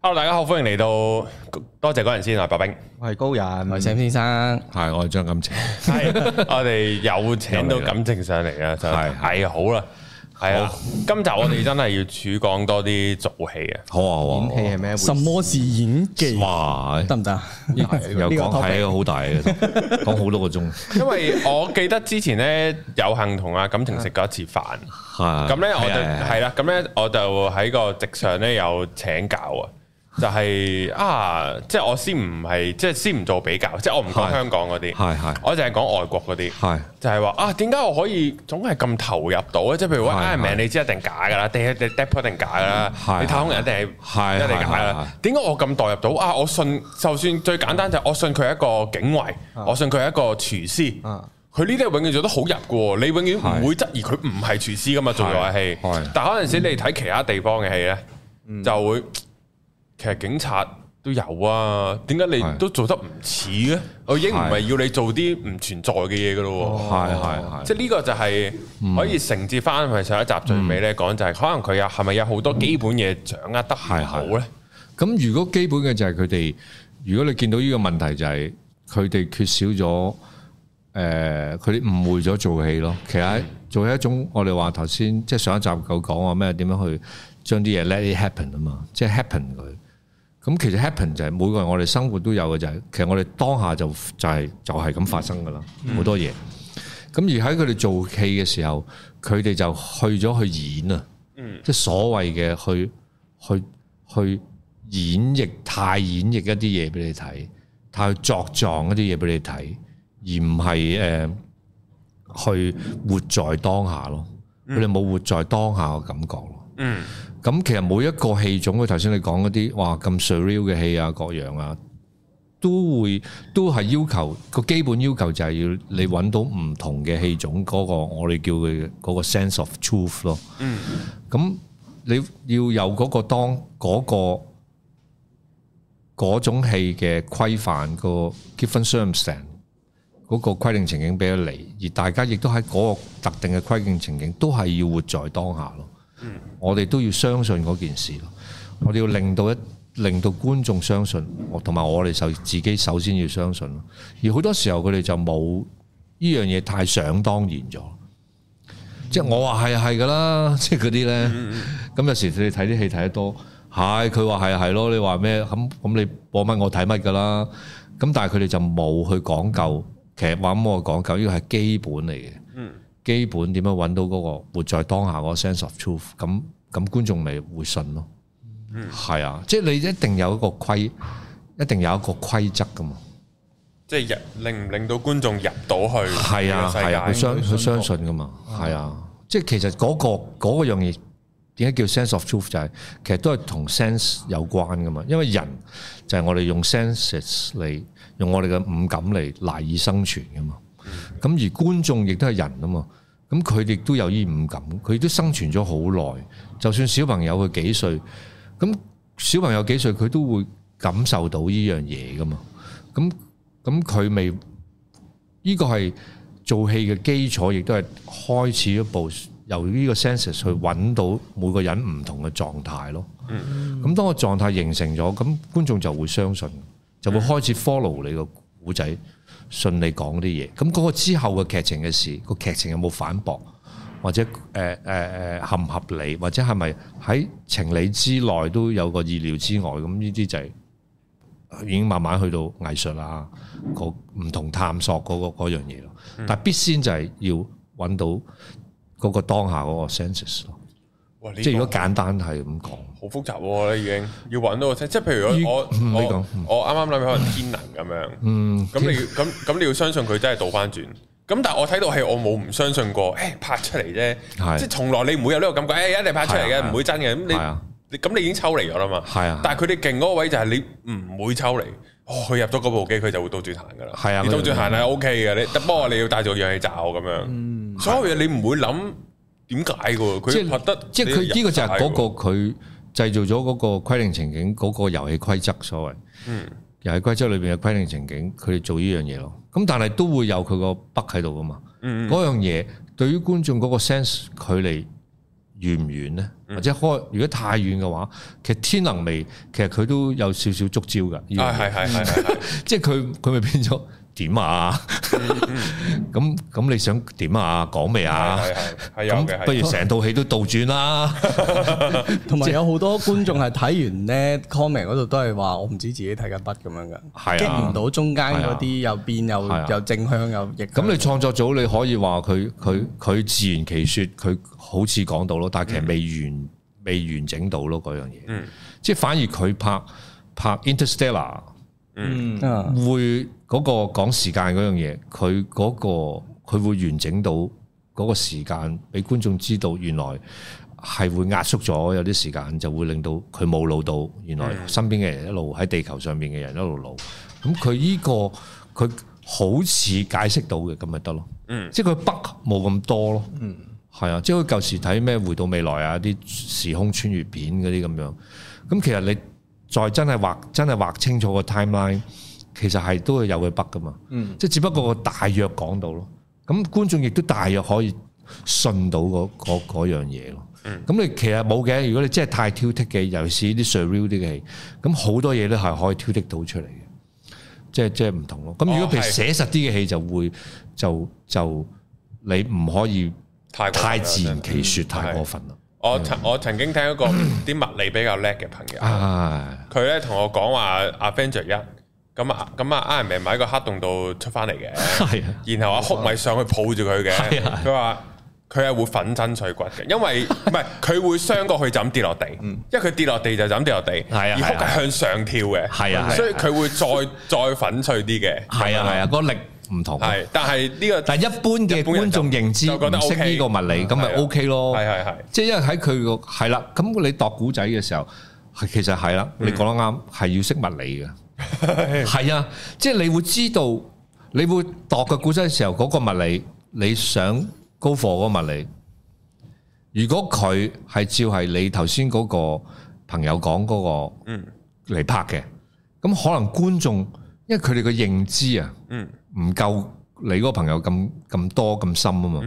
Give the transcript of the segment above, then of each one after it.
hello，大家好，歡迎嚟到，多謝高人先啊，白兵，我係高人，係 Sam 先生，係我係張錦程。係我哋有請到錦程上嚟啊。係，係好啦，係啦。今集我哋真係要主講多啲做戲啊，好啊，演戲係咩？什麼是演技？哇，得唔得？有講係一個好大嘅，講好多個鐘。因為我記得之前咧有幸同阿錦程食過一次飯，咁咧我就係啦，咁咧我就喺個席上咧有請教啊。就係啊，即係我先唔係，即係先唔做比較，即係我唔講香港嗰啲，係係，我淨係講外國嗰啲，係就係話啊，點解我可以總係咁投入到咧？即係譬如話 Iron Man 你知一定假噶啦定 Depp Depp 一定假噶啦，你太空人一定係一定假啦。點解我咁代入到啊？我信，就算最簡單就係我信佢係一個警衞，我信佢係一個廚師，佢呢啲永遠做得好入噶喎。你永遠唔會質疑佢唔係廚師噶嘛做咗嘅戲。但係嗰陣時你睇其他地方嘅戲咧，就會。其實警察都有啊，點解你都做得唔似咧？我已經唔係要你做啲唔存在嘅嘢噶咯，係系，即係呢個就係可以承接翻，去上一集最尾咧講就係，可能佢有係咪有好多基本嘢掌握得係好咧？咁如果基本嘅就係佢哋，如果你見到呢個問題就係佢哋缺少咗，誒佢哋誤會咗做戲咯。其實做一種，我哋話頭先，即係上一集夠講話咩？點樣去將啲嘢 let it happen 啊嘛，即係 happen 佢。咁其實 happen 就係每個人我哋生活都有嘅、就係，就係其實我哋當下就係、就係就係咁發生噶啦，好多嘢。咁而喺佢哋做戲嘅時候，佢哋就去咗去演啊，即係所謂嘅去去去，去演繹、太演繹一啲嘢俾你睇，太作狀一啲嘢俾你睇，而唔係誒去活在當下咯。佢哋冇活在當下嘅感覺咯。嗯。咁其實每一個戲種，我頭先你講嗰啲，哇咁 surreal 嘅戲啊，各樣啊，都會都係要求，個基本要求就係要你揾到唔同嘅戲種嗰個，我哋叫佢嗰個 sense of truth 咯。嗯。咁你要有嗰個當嗰個嗰種戲嘅規範個 given circumstance，嗰個規定情景俾咗你，而大家亦都喺嗰個特定嘅規定情景都係要活在當下咯。我哋都要相信嗰件事，我哋要令到一令到觀眾相信，同埋我哋首自己首先要相信。而好多時候佢哋就冇呢樣嘢，太想當然咗。嗯，即係我話係係噶啦，即係嗰啲咧。咁有時你睇啲戲睇得多，係佢話係係咯，你話咩？咁咁你播乜我睇乜噶啦？咁但係佢哋就冇去講究，其實話冇講究，呢個係基本嚟嘅。嗯。基本點樣揾到嗰個活在當下嗰個 sense of truth？咁咁觀眾咪會信咯，係啊，嗯，即係你一定有一個規，一定有一個規則噶嘛。即係令唔令到觀眾入到去係啊係啊，去相佢相，相信噶嘛，係啊，嗯。即係其實嗰個嗰個樣嘢點解叫 sense of truth 就係其實都係同 sense 有關噶嘛。因為人就係我哋用 senses 嚟，用我哋嘅五感嚟賴以生存噶嘛。咁而觀眾亦都係人啊嘛。咁佢哋都有呢五感，佢都生存咗好耐，就算小朋友佢幾歲，咁小朋友幾歲佢都會感受到呢樣嘢㗎嘛。咁咁佢未，呢個係做戲嘅基礎，亦都係開始一步由呢個 sense 去揾到每個人唔同嘅狀態囉。嗯嗯。咁當個狀態形成咗，咁觀眾就會相信，就會開始 follow 你個故仔。順利講啲嘢，咁嗰個之後嘅劇情嘅事，個劇情有冇反駁，或者誒誒誒合唔合理，或者係咪喺情理之內都有個意料之外，咁呢啲就係已經慢慢去到藝術啦、啊，個唔同探索嗰個樣嘢咯。但必先就係要揾到嗰個當下嗰個 senses 咯、嗯，即係如果簡單係咁講。好複雜咧，已經要揾到個即係譬如我我我啱啱諗可能天能咁樣，咁你要咁咁你要相信佢真係倒翻轉。咁但係我睇到係我冇唔相信過，誒拍出嚟啫，即係從來你唔會有呢個感覺，誒一定拍出嚟嘅唔會真嘅。咁你咁你已經抽離咗啦嘛。係啊，但係佢哋勁嗰個位就係你唔會抽離。哦，佢入咗嗰部機，佢就會倒轉彈噶啦。係啊，倒轉行係 OK 嘅。你，不過你要帶咗氧氣罩咁樣。所有嘢你唔會諗點解嘅喎。佢拍得，即係佢呢個就係嗰個佢。製造咗嗰個規定情景，嗰、那個遊戲規則所謂，嗯，遊戲規則裏邊嘅規定情景，佢哋做呢樣嘢咯。咁但係都會有佢個北喺度噶嘛。嗯，嗯，嗰樣嘢對於觀眾嗰個 sense 距離遠唔遠咧？嗯、或者開如果太遠嘅話，其實天能未，其實佢都有少少觸礁噶。啊，係係係，即係佢佢咪變咗。點啊？咁 咁你想點啊？講未啊？係係係，有不如成套戲都倒轉啦。同埋有好多觀眾係睇完咧 comment 嗰度都係話：我唔知自己睇緊乜咁樣嘅，係啊，跟唔到中間嗰啲又變又又正向又逆。咁的你創作組你可以話佢佢佢自圓其説，佢好似講到咯，但係其實未完、嗯、未完整到咯嗰樣嘢。嗯，即係反而佢拍拍 Interstellar。嗯，會嗰個講時間嗰樣嘢，佢嗰、嗰個佢會完整到嗰個時間，俾觀眾知道原來係會壓縮咗，有啲時間就會令到佢冇老到，原來身邊嘅人一路喺地球上面嘅人一路老，咁佢呢個佢好似解釋到嘅，咁咪得咯，嗯，即係佢北冇咁多咯，嗯，係啊，即係佢舊時睇咩回到未來啊，啲時空穿越片嗰啲咁樣，咁其實你。再真係畫真係畫清楚個 timeline，其實係都係有佢 bug 㗎嘛。嗯，即係只不過大約講到咯。咁觀眾亦都大約可以信到嗰樣嘢咯。咁、嗯、你其實冇嘅，如果你真係太挑剔嘅，尤其是啲 surreal 啲嘅戲，咁好多嘢都係可以挑剔到出嚟嘅。即係即係唔同咯。咁如果譬如寫實啲嘅戲就會就就你唔可以太自然其説，太過分啦。嗯嗯我曾我曾經聽過一個啲物理比較叻嘅朋友，佢咧同我講話阿 Avenger 一，咁啊咁啊 Iron Man 咪喺個黑洞度出翻嚟嘅，然後阿哭咪上去抱住佢嘅，佢話佢係會粉身碎骨嘅，因為唔係佢會傷過去就咁跌落地，因為佢跌落地就咁跌落地，而 X 向上跳嘅。係啊，所以佢會再再粉碎啲嘅，係啊係啊力。的的唔同係，但係呢個但係一般嘅觀眾認知唔識呢個物理，咁咪 O K 咯。係係係，即係因為喺佢個係啦，咁你度古仔嘅時候，其實係啦、啊，你講得啱，係要識物理嘅，係啊，即係 你，你會知道，你會度嘅古仔嘅時候，嗰個物理，你上高課嗰個物理，如果佢係照係你頭先嗰個朋友講嗰個嚟拍嘅，咁可能觀眾因為佢哋嘅認知啊，嗯。唔夠你嗰個朋友咁咁多咁深啊嘛，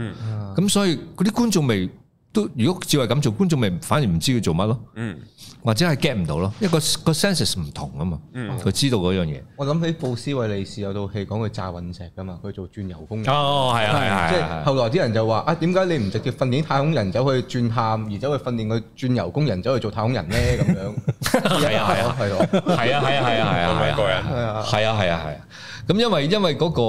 咁、嗯、所以嗰啲觀眾未。都如果只係咁做，觀眾咪反而唔知佢做乜咯？嗯，或者係 get 唔到咯，一個個 sense 唔同啊嘛。嗯，佢知道嗰樣嘢。我諗起布斯維利士有套戲講佢炸隕石㗎嘛，佢做鑽油工人哦。哦，係、哦嗯嗯、啊，係啊，即係後來啲人就話：啊，點解你唔直接訓練太空人走去鑽探，而走去訓練佢鑽油工人走去做太空人咧？咁樣係啊，係啊，係啊，係啊，係啊，係啊，係啊，係啊，係啊，咁因為因為嗰個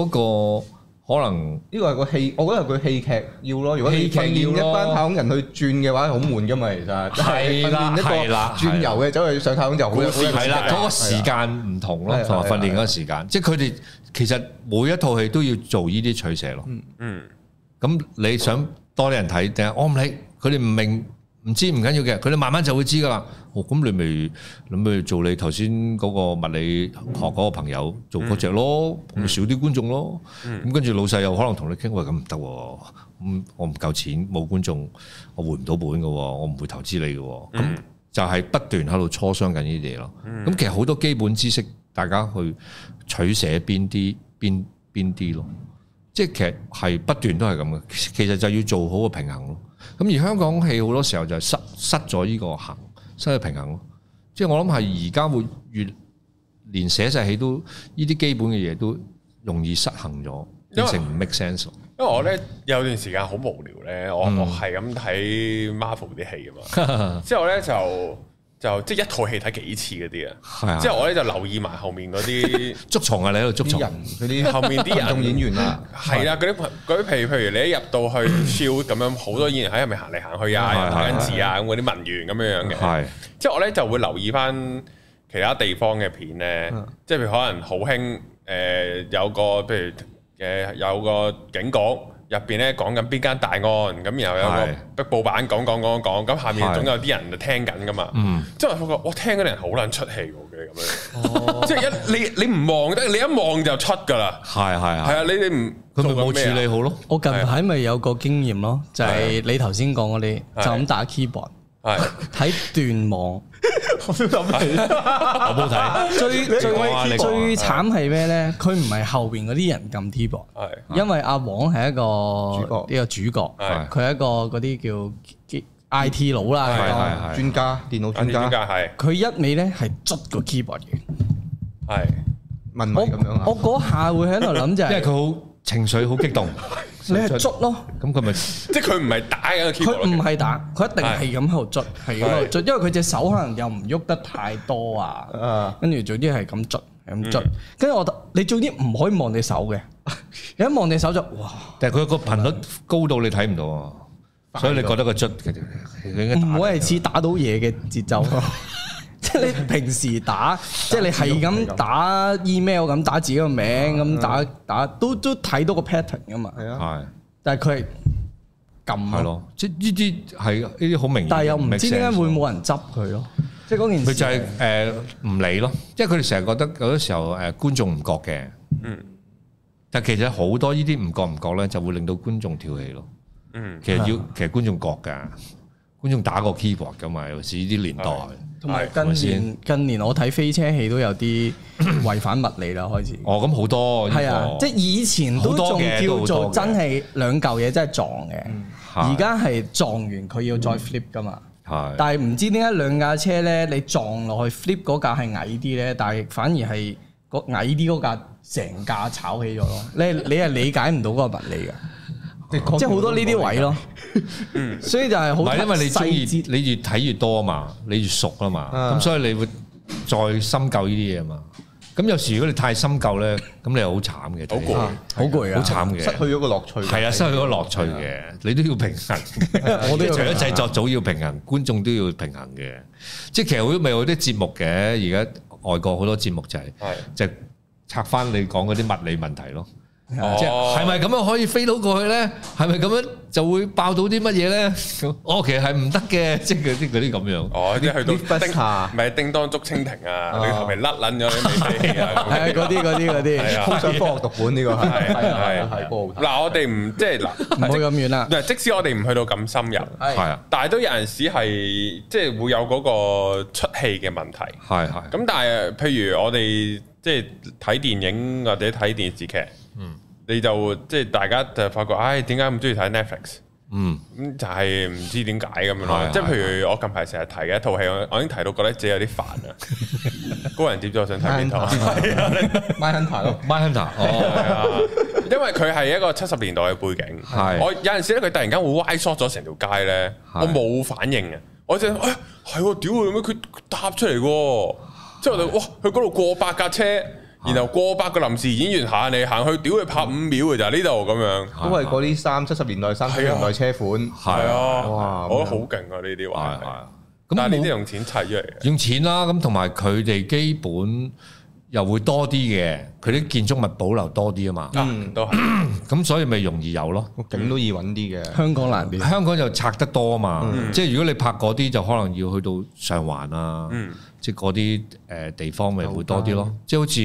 嗰個。那個可能呢個係個戲，我覺得係個戲劇要咯。如果訓練一班太空人去轉嘅話，好悶噶嘛，其實。係啦，一個轉遊嘅走去上太空就好。係啦，嗰個時間唔同咯，同埋訓練嗰個時間，即係佢哋其實每一套戲都要做呢啲取捨咯。嗯，咁你想多啲人睇定係我唔理，佢哋唔明。唔知唔緊要嘅，佢哋慢慢就會知噶啦。咁、哦、你咪諗去做你頭先嗰個物理學嗰個朋友、嗯、做嗰隻咯，咁少啲觀眾咯。咁跟住老細又可能同你傾話，咁唔得喎。咁、啊、我唔夠錢，冇觀眾，我回唔到本嘅、啊，我唔會投資你嘅、啊。咁、嗯嗯、就係不斷喺度磋商緊呢啲嘢咯。咁、嗯、其實好多基本知識，大家去取捨邊啲，邊邊啲咯。即係其實係不斷都係咁嘅，其實就要做好個平衡咯。咁而香港戲好多時候就係失失咗呢個衡，失去平衡。即係我諗係而家會越連寫晒戲都，呢啲基本嘅嘢都容易失衡咗，變成唔 make sense。因為我咧有段時間好無聊咧，嗯、我我係咁睇 Marvel 啲戲啊嘛， 之後咧就。就即係一套戲睇幾次嗰啲啊，是的 之後我咧就留意埋後面嗰啲 捉蟲啊，你喺度捉蟲嗰啲後面啲人演員啦，係啊 些，嗰啲嗰啲譬如譬如你一入到去 show 咁樣，好多演員喺入面行嚟行去啊，打緊字啊，咁嗰啲文員咁樣樣嘅。係，之後我咧就會留意返其他地方嘅片咧，即係譬如可能好興誒有個譬如誒有個警局，入邊咧講緊邊間大案，咁然後有個報版講講講講，咁下面總有啲人就聽緊噶嘛，即係我發覺，我聽嗰啲人好撚出氣嘅咁樣，哦、 即係一你你唔望得，你一望就出㗎啦，係係係啊，你你唔佢冇處理好咯，我近排咪有個經驗咯，是的 就係你頭先講嗰啲就咁打 keyboard。係睇斷網，我都諗起，我冇睇。最最最慘係咩咧？佢唔係後邊嗰啲人撳 keyboard，係，因為阿王係一個呢個主角，佢係一個嗰啲叫 IT 佬啦，係專家，電腦專家係。佢一味咧係捽個 keyboard 嘅，係，問咁樣啊。我我嗰下會喺度諗就係，因為佢好。情緒好激動，你係捽咯，咁佢咪即係佢唔係打嘅。佢唔係打，佢一定係咁喺度捽，係咁因為佢隻手可能又唔喐得太多啊。跟住總之係咁捽，係咁捽。跟住我，你總之唔可以望你手嘅，你一望你手就哇！但係佢個頻率高到你睇唔到，啊。所以你覺得個捽佢唔會係似打到嘢嘅節奏。即係你平時打，打即係你係咁打 email 咁打自己個名咁的打，打，打，都都睇到個 pattern 噶嘛的。係啊，但係佢撳係咯，即係呢啲係呢啲好明顯。但係又唔知點解會冇人執佢咯，即係嗰件事。佢就係誒唔理咯，即係佢哋成日覺得有啲時候誒觀眾唔覺嘅。嗯，但係其實好多呢啲唔覺唔覺咧，就會令到觀眾跳戲咯。嗯，其，其實要其實觀眾覺噶，觀眾打個 keyboard 噶嘛，尤其是呢啲年代。嗯同埋近年，近年我睇飛車戲都有啲違反物理啦， 開始。 哦，咁好多。係啊，即係以前都仲叫做真係兩嚿嘢真係撞嘅，而家係撞完佢要再 flip 噶嘛。係、嗯。但係唔知點解兩架車咧，你撞落去 flip 嗰架係矮啲咧，但係反而係個矮啲嗰架成架炒起咗咯。咧 你係理解唔到嗰個物理㗎。即係好多呢啲位咯，所以就係唔係因為你你越睇越多啊嘛，你越熟啊嘛，咁所以你會再深究呢啲嘢嘛。咁有時如果你太深究咧，咁你又好慘嘅，好攰，好攰啊，好慘嘅，失去咗個樂趣。係啊，失去咗樂趣嘅，你都要平衡。我哋除咗製作組要平衡，觀眾都要平衡嘅。即係其實好咪有啲節目嘅，而家外國好多節目就係，就拆翻你講嗰啲物理問題咯。哦，係咪咁樣可以飛到過去咧？係咪咁樣就會爆到啲乜嘢咧？我其實係唔得嘅，即係嗰啲嗰啲咁樣。哦，即係去到叮下，咪叮當竹蜻蜓啊！你個頭皮甩撚咗，係嗰啲嗰啲嗰啲，好想科學讀本呢個。係係係科學嗱，我哋唔即係嗱，唔會咁遠啦。即使我哋唔去到咁深入，係啊，但係都有陣時係即係會有嗰個出戲嘅問題。係係。咁但係譬如我哋即係睇電影或者睇電視劇，嗯。你就即係大家就發覺，唉，點解咁中意睇 Netflix？嗯，咁就係唔知點解咁樣咯。即係譬如我近排成日睇嘅一套戲，我已經睇到覺得自己有啲煩啦。高人接住我想睇邊套？Mindhunter 咯 Mindhunter 哦。因為佢係一個七十年代嘅背景，係我有陣時咧，佢突然間會 wide shot 咗成條街咧，我冇反應嘅，我就誒係，屌咁樣，佢搭出嚟即係我哋，哇，佢嗰度過百架車。然後過百個臨時演員行嚟行去，去，屌佢拍五秒嘅就呢度咁樣，都係嗰啲三七十年代、三十、啊、年代車款，係啊、啊哇、啊啊、我覺得好勁啊，呢啲話，咁但係你都用錢砌出嚟，用錢啦，咁同埋佢哋基本。又會多啲嘅，佢啲建築物保留多啲啊嘛。都係、嗯。咁所以咪容易有咯。景都易揾啲嘅。香港難啲。香港就拆得多啊嘛。嗯、即係如果你拍嗰啲，就可能要去到上環啊。嗯、即係嗰啲誒地方，咪會多啲咯。即係好似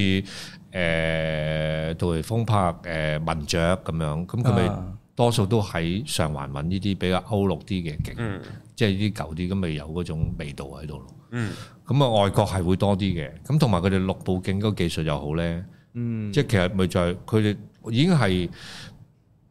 誒杜琪峯拍誒文雀咁樣，咁佢咪多數都喺上環揾呢啲比較歐陸啲嘅景。嗯。即係啲舊啲咁咪有嗰種味道喺度咯。嗯。咁啊，外國係會多啲嘅，咁同埋佢哋綠布景嗰個技術又好咧，嗯，即係其實咪就係佢哋已經係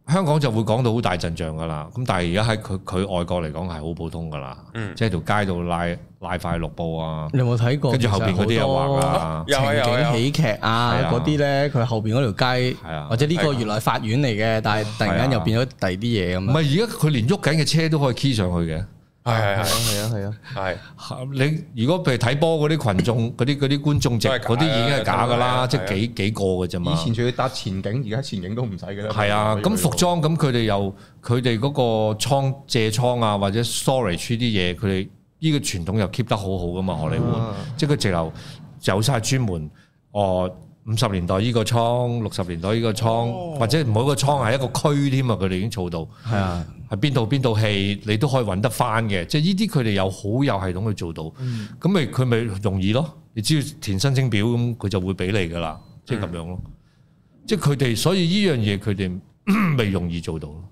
香港就會講到好大陣仗噶啦，咁但係而家喺佢佢外國嚟講係好普通噶啦，嗯，即係條街度拉拉塊綠布啊，你有冇睇過？跟住後邊好多情景喜劇啊，嗰啲咧，佢、啊啊、後邊嗰條街，啊、或者呢個原來法院嚟嘅，啊、但係突然間又變咗第啲嘢咁。唔係而家佢連喐緊嘅車都可以 key 上去嘅。係啊係啊係啊係。 你如果譬如睇波嗰啲群眾嗰啲，嗰啲觀眾席嗰啲已經係假噶啦，即係幾幾個噶啫嘛。以前仲要搭前景，而家前景都唔使噶啦。係、嗯、啊，咁服裝咁佢哋又佢哋嗰個倉借倉啊，或者 storage 啲嘢，佢哋呢個傳統又 keep 得好好噶嘛，荷里活即係佢直頭走晒專門哦。呃五十年代呢個倉，六十年代呢個倉，哦、或者每個倉係一個區添啊！佢哋已經儲到，係是啊，係邊套邊套戲，你都可以揾得翻嘅。即係呢啲佢哋有好有系統去做到，咁咪佢咪容易咯？你只要填申請表咁，佢就會俾你噶啦，即係咁樣咯。嗯、即係佢哋，所以呢樣嘢佢哋未容易做到咯。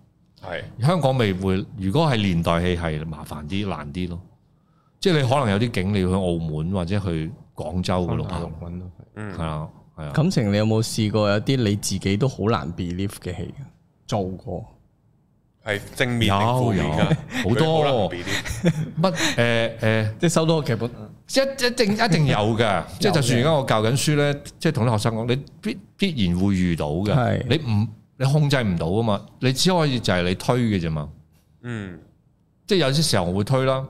係是、啊、香港未會，如果係年代戲係麻煩啲、難啲咯。即係你可能有啲景你要去澳門或者去廣州嗰度啊，係啊。錦程你有冇試過有啲你自己都好難 believe 嘅戲？做過係正面定負面噶？好多唔係誒誒，即係收到個劇本，一一定一定有噶。即係 的就算而家我在教緊書咧，即係同啲學生講，你必必然會遇到嘅。的你唔你控制唔到噶嘛？你只可以就係你推嘅啫嘛。嗯，即係有啲時候我會推啦。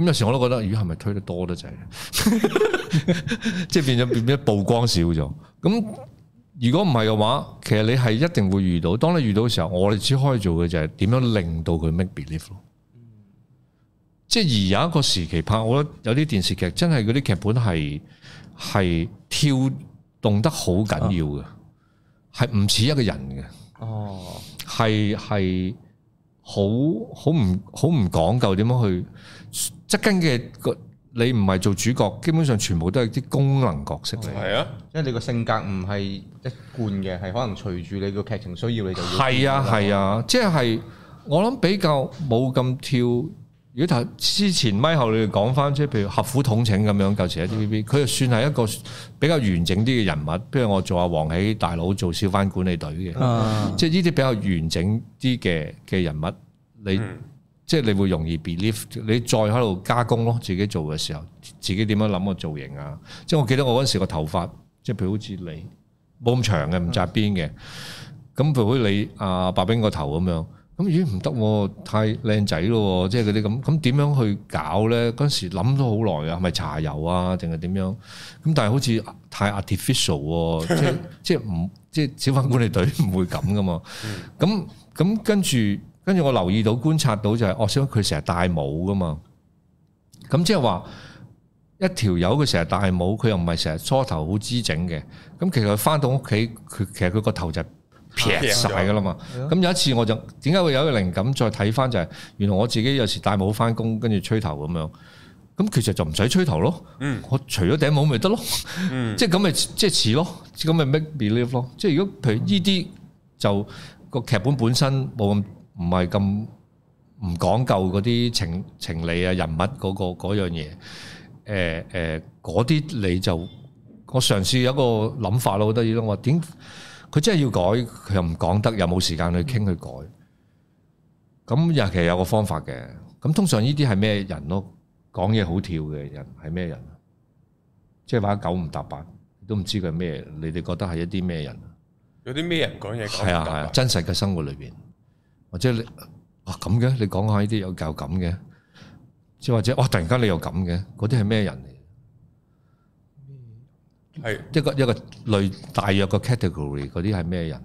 咁有時我都覺得魚係咪推得多得滯，即 係變咗變咗曝光少咗。咁如果唔係嘅話，其實你係一定會遇到。當你遇到嘅時候，我哋只可以做嘅就係點樣令到佢 make believe 咯。即係、嗯、而有一個時期拍，我覺得有啲電視劇真係嗰啲劇本係係跳動得好緊要嘅，係唔似一個人嘅。哦，係係好好唔好唔講究點樣去。側跟嘅個你唔係做主角，基本上全部都係啲功能角色嚟。係啊，因為你個性格唔係一貫嘅，係可能隨住你個劇情需要，你就要。係啊，係啊，即係我諗比較冇咁跳。如果頭之前咪後你哋講翻，即係譬如《合府統請》咁樣舊時喺 TVB，佢就算係一個比較完整啲嘅人物。譬如我做阿黃喜大佬做小販管理隊嘅，啊、即係呢啲比較完整啲嘅嘅人物，你。嗯即係你會容易 believe，你再喺度加工咯，自己做嘅時候，自己點樣諗個造型啊？即係我記得我嗰時個頭髮，即係譬如好似你冇咁長嘅，唔紮邊嘅。咁譬如好似你阿白兵個頭咁樣，咁咦唔得喎，太靚仔咯、啊，即係嗰啲咁。咁點樣去搞咧？嗰時諗咗好耐啊，係咪茶油啊，定係點樣？咁但係好似太 artificial、啊、 即係即係唔即係小販管理隊唔會咁噶嘛。咁咁 跟住。跟住我留意到、觀察到就係、是，我想佢成日戴帽噶嘛，咁即係話一條友佢成日戴帽，佢又唔係成日梳頭好姿整嘅，咁其實佢翻到屋企，佢其實佢個頭就撇晒噶啦嘛。咁有一次我就點解會有個靈感再、就是，再睇翻就係原來我自己有時戴帽翻工，跟住吹頭咁樣，咁其實就唔使吹頭咯。嗯、我除咗頂帽咪得咯。嗯、即係咁咪即係似咯，咁咪 make believe 咯。即係如果譬如依啲就個劇本本,本,本身冇咁。唔係咁唔講究嗰啲情情理啊、人物嗰個嗰樣嘢，誒誒，嗰啲你就我嘗試有一個諗法咯，好得意咯。我點佢真係要改，佢又唔講得，又冇時間去傾去改。咁又其實有個方法嘅。咁通常呢啲係咩人咯？講嘢好跳嘅人係咩人？即係話九唔搭八，都唔知佢咩。你哋覺得係一啲咩人？有啲咩人講嘢？係啊，係啊，真實嘅生活裏邊。或者你哇咁嘅，你講下呢啲有教咁嘅，即係或者哇突然間你又咁嘅，嗰啲係咩人嚟？係一個一個類大約個 category 嗰啲係咩人？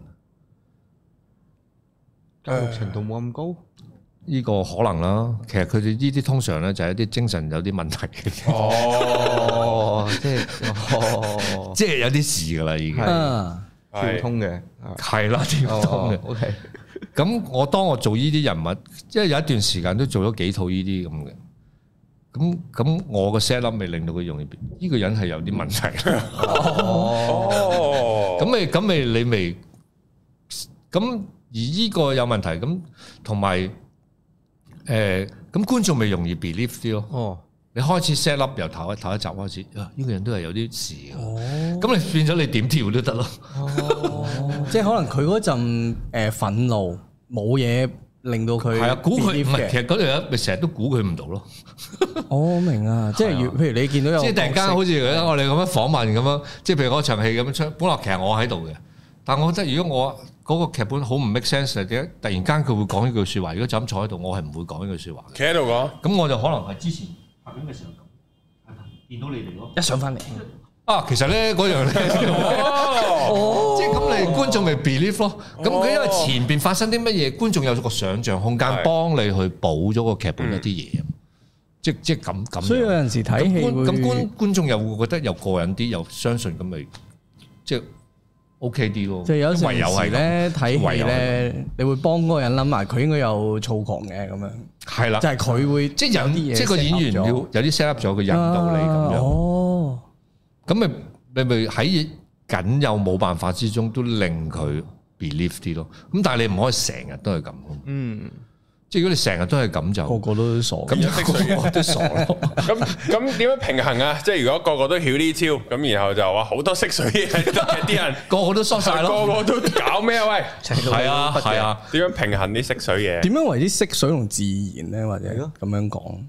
教育程度冇咁高？呢個可能啦，其實佢哋呢啲通常咧就係一啲精神有啲問題嘅。哦，即係即係有啲事噶啦，已經接通嘅，係啦，接通嘅。OK。咁我當我做呢啲人物，即係有一段時間都做咗幾套呢啲咁嘅，咁咁我個 set up 未令到佢容易，呢、呢個人係有啲問題。哦、 oh. 咁咪咁咪你咪，咁而呢個有問題，咁同埋，誒，咁、呃、觀眾咪容易 believe 啲咯。哦。Oh. 你開始 set up 由頭一頭一集開始，啊呢、呢個人都係有啲事嘅，咁、哦、你變咗你點跳都得咯。哦、 即係可能佢嗰陣誒、呃、憤怒，冇嘢令到佢係啊，估佢唔係，其實嗰樣咪成日都估佢唔到咯。我明啊，即係、啊、譬如你見到有即係突然間好似我哋咁樣訪問咁樣，即係譬如嗰場戲咁樣出，本來其實我喺度嘅，但我覺得如果我嗰、嗰個劇本好唔 make sense 點解突然間佢會講呢句説話？如果就咁坐喺度，我係唔會講呢句説話嘅。企喺度講，咁我就可能係之前。拍片嘅時候咁，係咪見到你哋咯？一上翻嚟啊，其實咧嗰樣咧，即係咁你觀眾咪 believe 咯。咁佢因為前邊發生啲乜嘢，哦、觀眾有咗個想像空間，幫你去補咗個劇本一啲嘢。即即係咁咁。所以有陣時睇戲官，咁觀會觀眾又會覺得又過癮啲，又相信咁咪即係。OK 啲咯，就有時咧睇住咧，你會幫嗰個人諗埋，佢應該有躁狂嘅咁樣，係啦的，就係佢會的即係有啲嘢，即係個演員要有啲 set up 咗嘅人道理。咁、啊、樣，哦，咁咪你咪喺緊有冇辦法之中都令佢 believe 啲咯，咁但係你唔可以成日都係咁，嗯。如果你成日都係咁就個個都傻，咁樣色水都傻咯。咁咁點樣平衡啊？即係如果個個都曉呢招，咁然後就話好多色水嘢，啲 人個個都衰曬咯， 個個都搞咩 喂？係啊係啊，點樣平衡啲色水嘢？點樣為之色水同自然咧？或者咁樣講？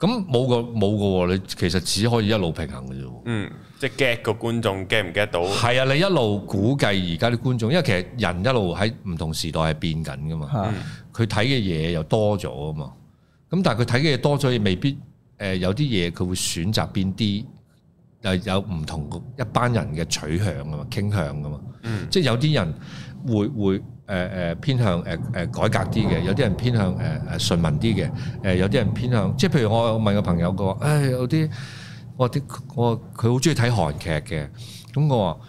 咁冇個冇個，你其實只可以一路平衡嘅啫。嗯，即係 get 個觀眾 get 唔 get 到？係啊，你一路估計而家啲觀眾，因為其實人一路喺唔同時代係變緊噶嘛。佢睇嘅嘢又多咗啊嘛。咁但係佢睇嘅嘢多咗，未必誒有啲嘢佢會選擇邊啲？又有唔同一班人嘅取向啊嘛，傾向啊嘛。嗯，即係有啲人會會。誒誒、呃、偏向誒誒、呃、改革啲嘅，有啲人偏向誒誒、呃、順民啲嘅，誒、呃、有啲人偏向即係譬如我問個朋友佢話，唉有啲我啲我佢好中意睇韓劇嘅，咁我話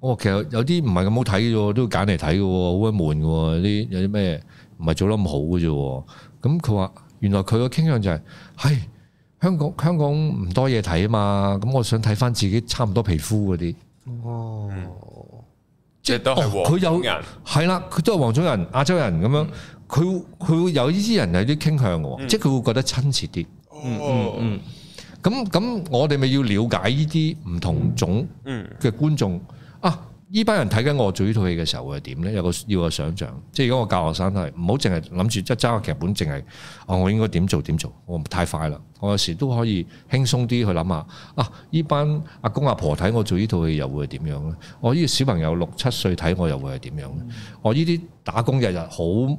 我話其實有啲唔係咁好睇嘅喎，都要揀嚟睇嘅喎，好鬼悶嘅喎，啲有啲咩唔係做得咁好嘅啫，咁佢話原來佢個傾向就係、係、係香港香港唔多嘢睇啊嘛，咁我想睇翻自己差唔多皮膚嗰啲哦。即係都係黃種人，係啦、哦，佢都係黃種人、亞洲人咁樣，佢佢，嗯、會有呢啲人有啲傾向嘅，嗯、即係佢會覺得親切啲，哦嗯。嗯嗯嗯，咁咁我哋咪要了解呢啲唔同種嘅觀眾，嗯、啊。呢班人睇緊我做呢套戲嘅時候會係點呢？有個要個想像，即係如果我教學生都係唔好淨係諗住即係揸個劇本，淨係啊我應該點做點做？我唔太快啦！我有時都可以輕鬆啲去諗下啊！呢班阿公阿婆睇我做呢套戲又會係點樣呢？我呢個小朋友六七歲睇我又會係點樣呢？我呢啲打工日日好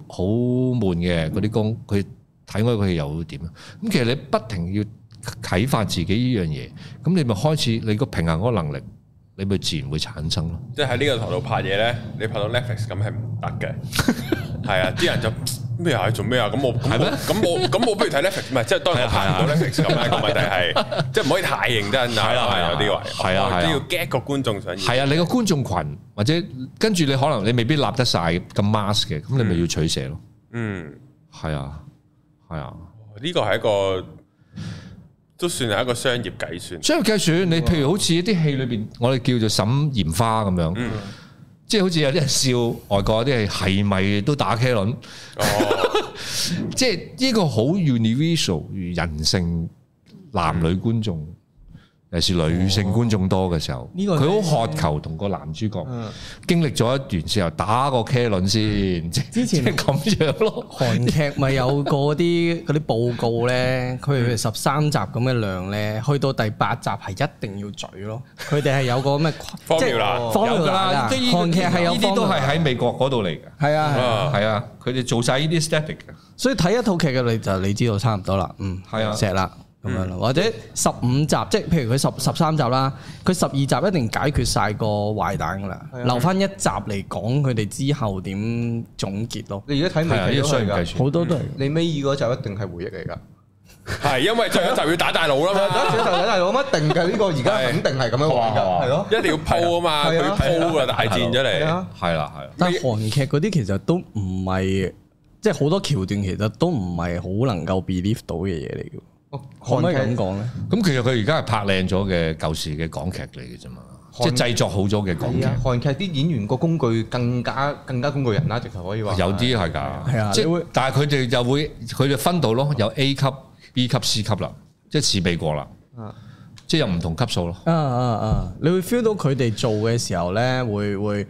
好悶嘅嗰啲工，佢睇我個戲又會點咧？咁其實你不停要啟發自己呢樣嘢，咁你咪開始你個平衡嗰個能力。你咪自然會產生咯。即喺呢個台度拍嘢咧，你拍到 Netflix 咁係唔得嘅。係啊，啲人就咩啊？做咩啊？咁我係咩？咁我咁我不如睇 Netflix？唔係，即係當我拍到 Netflix 咁啊個問題係，即係唔可以太認真啊。係啊，有啲位係啊，都要 get 個觀眾想要。係啊，你個觀眾群或者跟住你可能你未必立得晒咁 mass 嘅，咁你咪要取捨咯。嗯，係啊，係啊，呢個係一個。都算係一個商業計算。商業計算，你譬如好似一啲戲裏邊，我哋叫做沈炎花咁樣。嗯、即係好似有啲人笑外國有啲係係咪都打茄輪？哦、 即係呢個好 universal 人性，男女觀眾。嗯尤其是女性觀眾多嘅時候，佢好渴求同個男主角經歷咗一段時候打個車輪先，之前即係咁樣咯。韓劇咪有個啲嗰啲報告咧，佢十三集咁嘅量咧，去到第八集係一定要嘴咯。佢哋係有個咩？方條啦，有㗎啦。韓劇係有啲都係喺美國嗰度嚟嘅。係啊，係啊，佢哋做晒呢啲 static。所以睇一套劇嘅你就你知道差唔多啦。嗯，係啊，石啦。咁樣或者十五集，即係譬如佢十十三集啦，佢十二集一定解決晒個壞蛋噶啦，留翻一集嚟講佢哋之後點總結咯。你而家睇未睇都係噶，好多都係。你尾二嗰集一定係回憶嚟噶，係因為最後一集要打大佬啦嘛，最後集打大佬乜定嘅呢個而家肯定係咁樣話嘅，係咯，一定要鋪啊嘛，佢鋪個大戰出嚟，係啦係。但係韓劇嗰啲其實都唔係，即係好多橋段其實都唔係好能夠 believe 到嘅嘢嚟嘅。可唔可以咁講咧？咁其實佢而家係拍靚咗嘅舊時嘅港劇嚟嘅啫嘛，劇即係製作好咗嘅港劇。韓劇啲演員個工具更加更加工具人啦，直頭可以話。有啲係㗎。係啊的，即係會，但係佢哋又會佢哋分到咯，有 A 級、B 級、C 級啦，即係次別過啦。啊，即係有唔同級數咯。嗯嗯嗯，你會 feel 到佢哋做嘅時候咧，會會。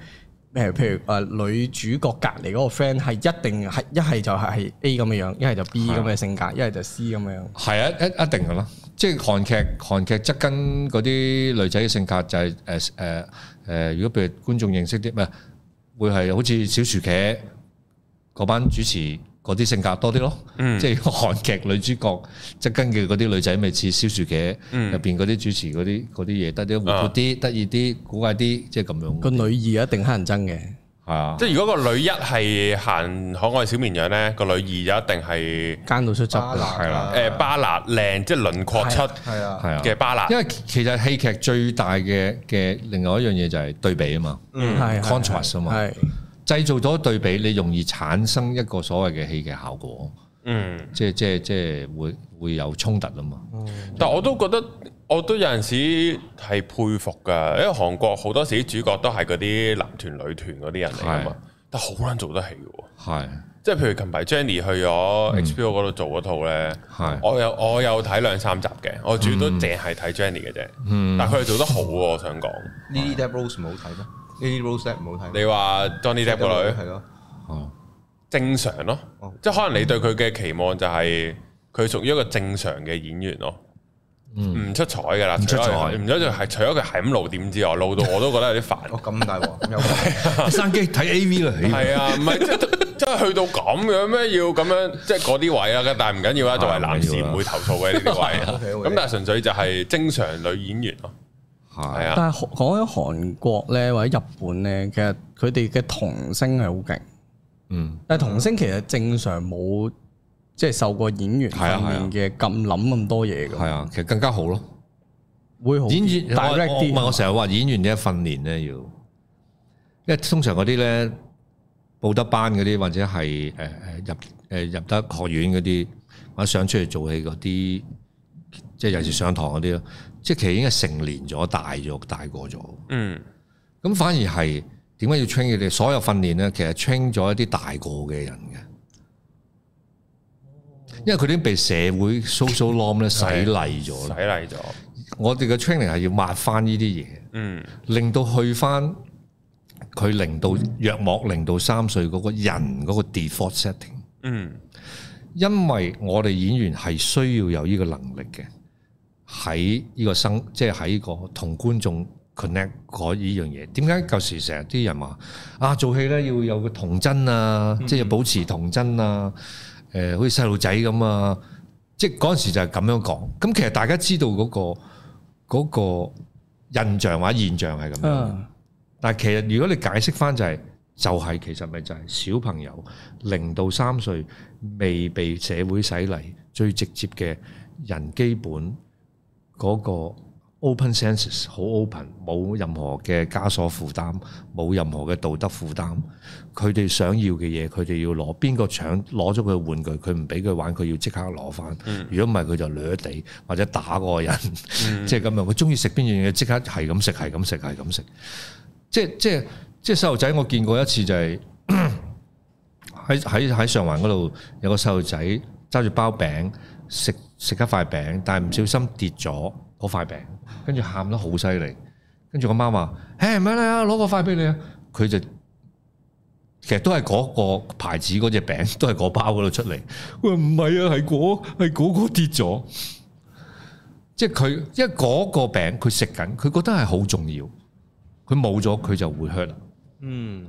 咩？譬如誒女主角隔離嗰個 friend 係一定係一係就係係 A 咁嘅樣，一係就 B 咁嘅性格，一係係、啊、就 C 咁樣。係啊，一一定嘅咯。即係韓劇，韓劇則跟嗰啲女仔嘅性格就係誒誒誒，如果譬如觀眾認識啲咩，會係好似小薯茄嗰班主持。嗰啲性格多啲咯，即係韓劇女主角，即係跟嘅嗰啲女仔咪似小雪茄入邊嗰啲主持嗰啲啲嘢，得啲活潑啲，得意啲，古怪啲，即係咁樣。個女二一定乞人憎嘅，係啊！即係如果個女一係行可愛小綿羊咧，個女二就一定係奸到出汁啦，係啦，誒巴拿靚，即係輪廓出係啊，係啊嘅巴拿。因為其實戲劇最大嘅嘅另外一樣嘢就係對比啊嘛，contrast 啊嘛。製造咗對比，你容易產生一個所謂嘅戲嘅效果，嗯，即係即係即係會會有衝突啊嘛。但係我都覺得我都有陣時係佩服噶，因為韓國好多時主角都係嗰啲男團女團嗰啲人嚟㗎嘛，但好難做得起㗎喎。係，即係譬如近排 Jenny 去咗 HBO 嗰度做嗰套咧，我有我有睇兩三集嘅，我主要都淨係睇 Jenny 嘅啫。嗯，但係佢係做得好，我想講。呢啲 double 冇睇咩？呢啲 rose 唔好睇。你話 Johnny Depp 個女係咯，正常咯，即係可能你對佢嘅期望就係佢屬於一個正常嘅演員咯，唔出彩嘅啦，唔出彩，唔出就係除咗佢係咁露點之外，露到我都覺得有啲煩。咁大鑊有冇？上機睇 AV 啦，係啊，唔係即係即係去到咁樣咩？要咁樣即係嗰啲位啊，但係唔緊要啊，作為男士唔會投訴嘅呢啲位。咁但係純粹就係正常女演員咯。係啊，但係講起韓國咧或者日本咧，其實佢哋嘅童星係好勁，嗯，但係童星其實正常冇即係受過演員訓練嘅，咁諗咁多嘢噶，係啊，其實更加好咯，會好演員。我啲。唔係我成日話演員嘅訓練咧要，因為通常嗰啲咧報得班嗰啲或者係誒誒入誒入得學院嗰啲，或者想出嚟做戲嗰啲，即係有時上堂嗰啲咯。嗯即係其實已經係成年咗、大咗、大個咗。嗯，咁反而係點解要 train 佢哋？所有訓練咧，其實 train 咗一啲大個嘅人嘅，因為佢哋已經被社會 social norm 咧洗禮咗，洗禮咗。我哋嘅 training 係要抹翻呢啲嘢，嗯，令到去翻佢零到約莫零到三歲嗰個人嗰個 default setting。嗯，因為我哋演員係需要有呢個能力嘅。喺呢個生，即係喺呢個同觀眾 connect 嗰呢樣嘢。點解舊時成日啲人話啊，做戲咧要有個童真啊，即係要保持童真啊，誒好似細路仔咁啊，即係嗰陣時就係咁樣講。咁其實大家知道嗰個嗰個印象或者現象係咁樣，但係其實如果你解釋翻就係，就係其實咪就係小朋友零到三歲未被社會洗禮，最直接嘅人基本。嗰個 open senses 好 open，冇任何嘅枷鎖負擔，冇任何嘅道德負擔。佢哋想要嘅嘢，佢哋要攞。邊個搶攞咗佢玩具，佢唔俾佢玩，佢要即刻攞返。如果唔係，佢就掠地或者打嗰個人。即係咁樣，佢中意食邊樣嘢，即刻係咁食，係咁食，係咁食。即係即係即係細路仔，我見過一次就係喺喺喺上環嗰度有個細路仔揸住包餅食。食一塊餅，但係唔小心跌咗嗰塊餅，跟住喊得好犀利。跟住個媽話，誒，咪啦，攞個塊俾你啊！佢就其實都係嗰個牌子嗰隻餅，都係嗰包嗰度出嚟。佢話唔係啊，係嗰係嗰個跌咗。即係佢，因為嗰個餅佢食緊，佢覺得係好重要。佢冇咗，佢就會哭。嗯，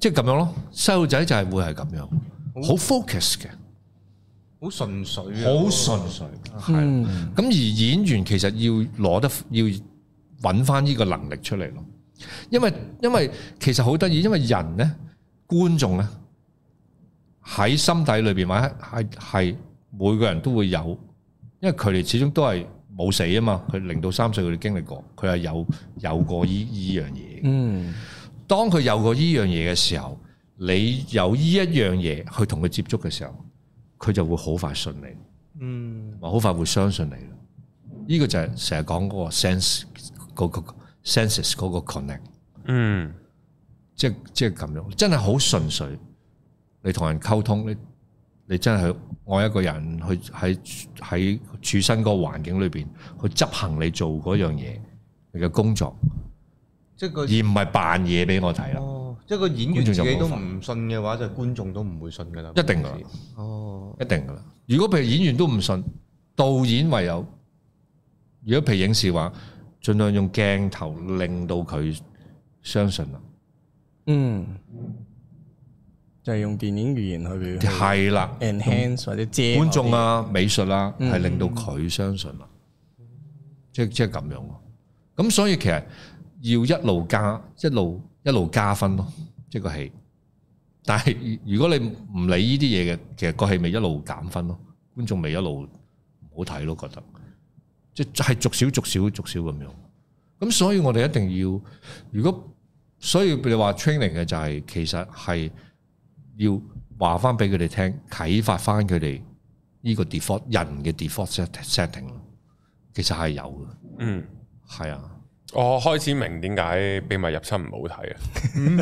即係咁樣咯。細路仔就係會係咁樣，好 focus 嘅。好純粹好純粹，係咁嘅、嗯、而演員其實要攞得要揾翻呢個能力出嚟咯，因為因為其實好得意，因為人呢，觀眾呢，喺心底裏邊，係係係每個人都會有，因為佢哋始終都係冇死啊嘛，佢零到三歲佢哋經歷過，佢係有有過呢呢樣嘢。嗯，當佢有過呢樣嘢嘅時候，你有呢一樣嘢去同佢接觸嘅時候，佢就會好快信你，嗯，或好快會相信你呢依、呢個就係成日講嗰個 sense，嗰、嗰、senses 嗰個 connect 嗯即，即即係咁樣，真係好純粹。你同人溝通，你你真係去愛一個人，去喺喺處身嗰個環境裏邊去執行你做嗰樣嘢你嘅工作，即係、嗯、而唔係扮嘢俾我睇啦。哦即個演員自己都唔信嘅話，就係、觀眾都唔會信噶啦，一定噶啦，哦，一定噶啦。如果譬如演員都唔信，導演唯有，如果譬如影視話，盡量用鏡頭令到佢相信啦。嗯，就係、是、用電影語言去表現係啦，enhance 或者觀眾啊、美術啦、啊、係、嗯、令到佢相信啦。即即係咁樣咯。咁所以其實要一路加一路。一路加分咯，即係個戲。但係如果你唔理呢啲嘢嘅，其實個戲咪一路減分咯？觀眾咪一路唔好睇咯，覺得即係逐少逐少逐少咁樣。咁所以我哋一定要，如果所以譬如話 training 嘅就係、是，其實係要話翻俾佢哋聽，啟發翻佢哋呢個 default 人嘅 default setting，其實係有嘅。嗯，係啊。我開始明點解秘密入侵唔好睇。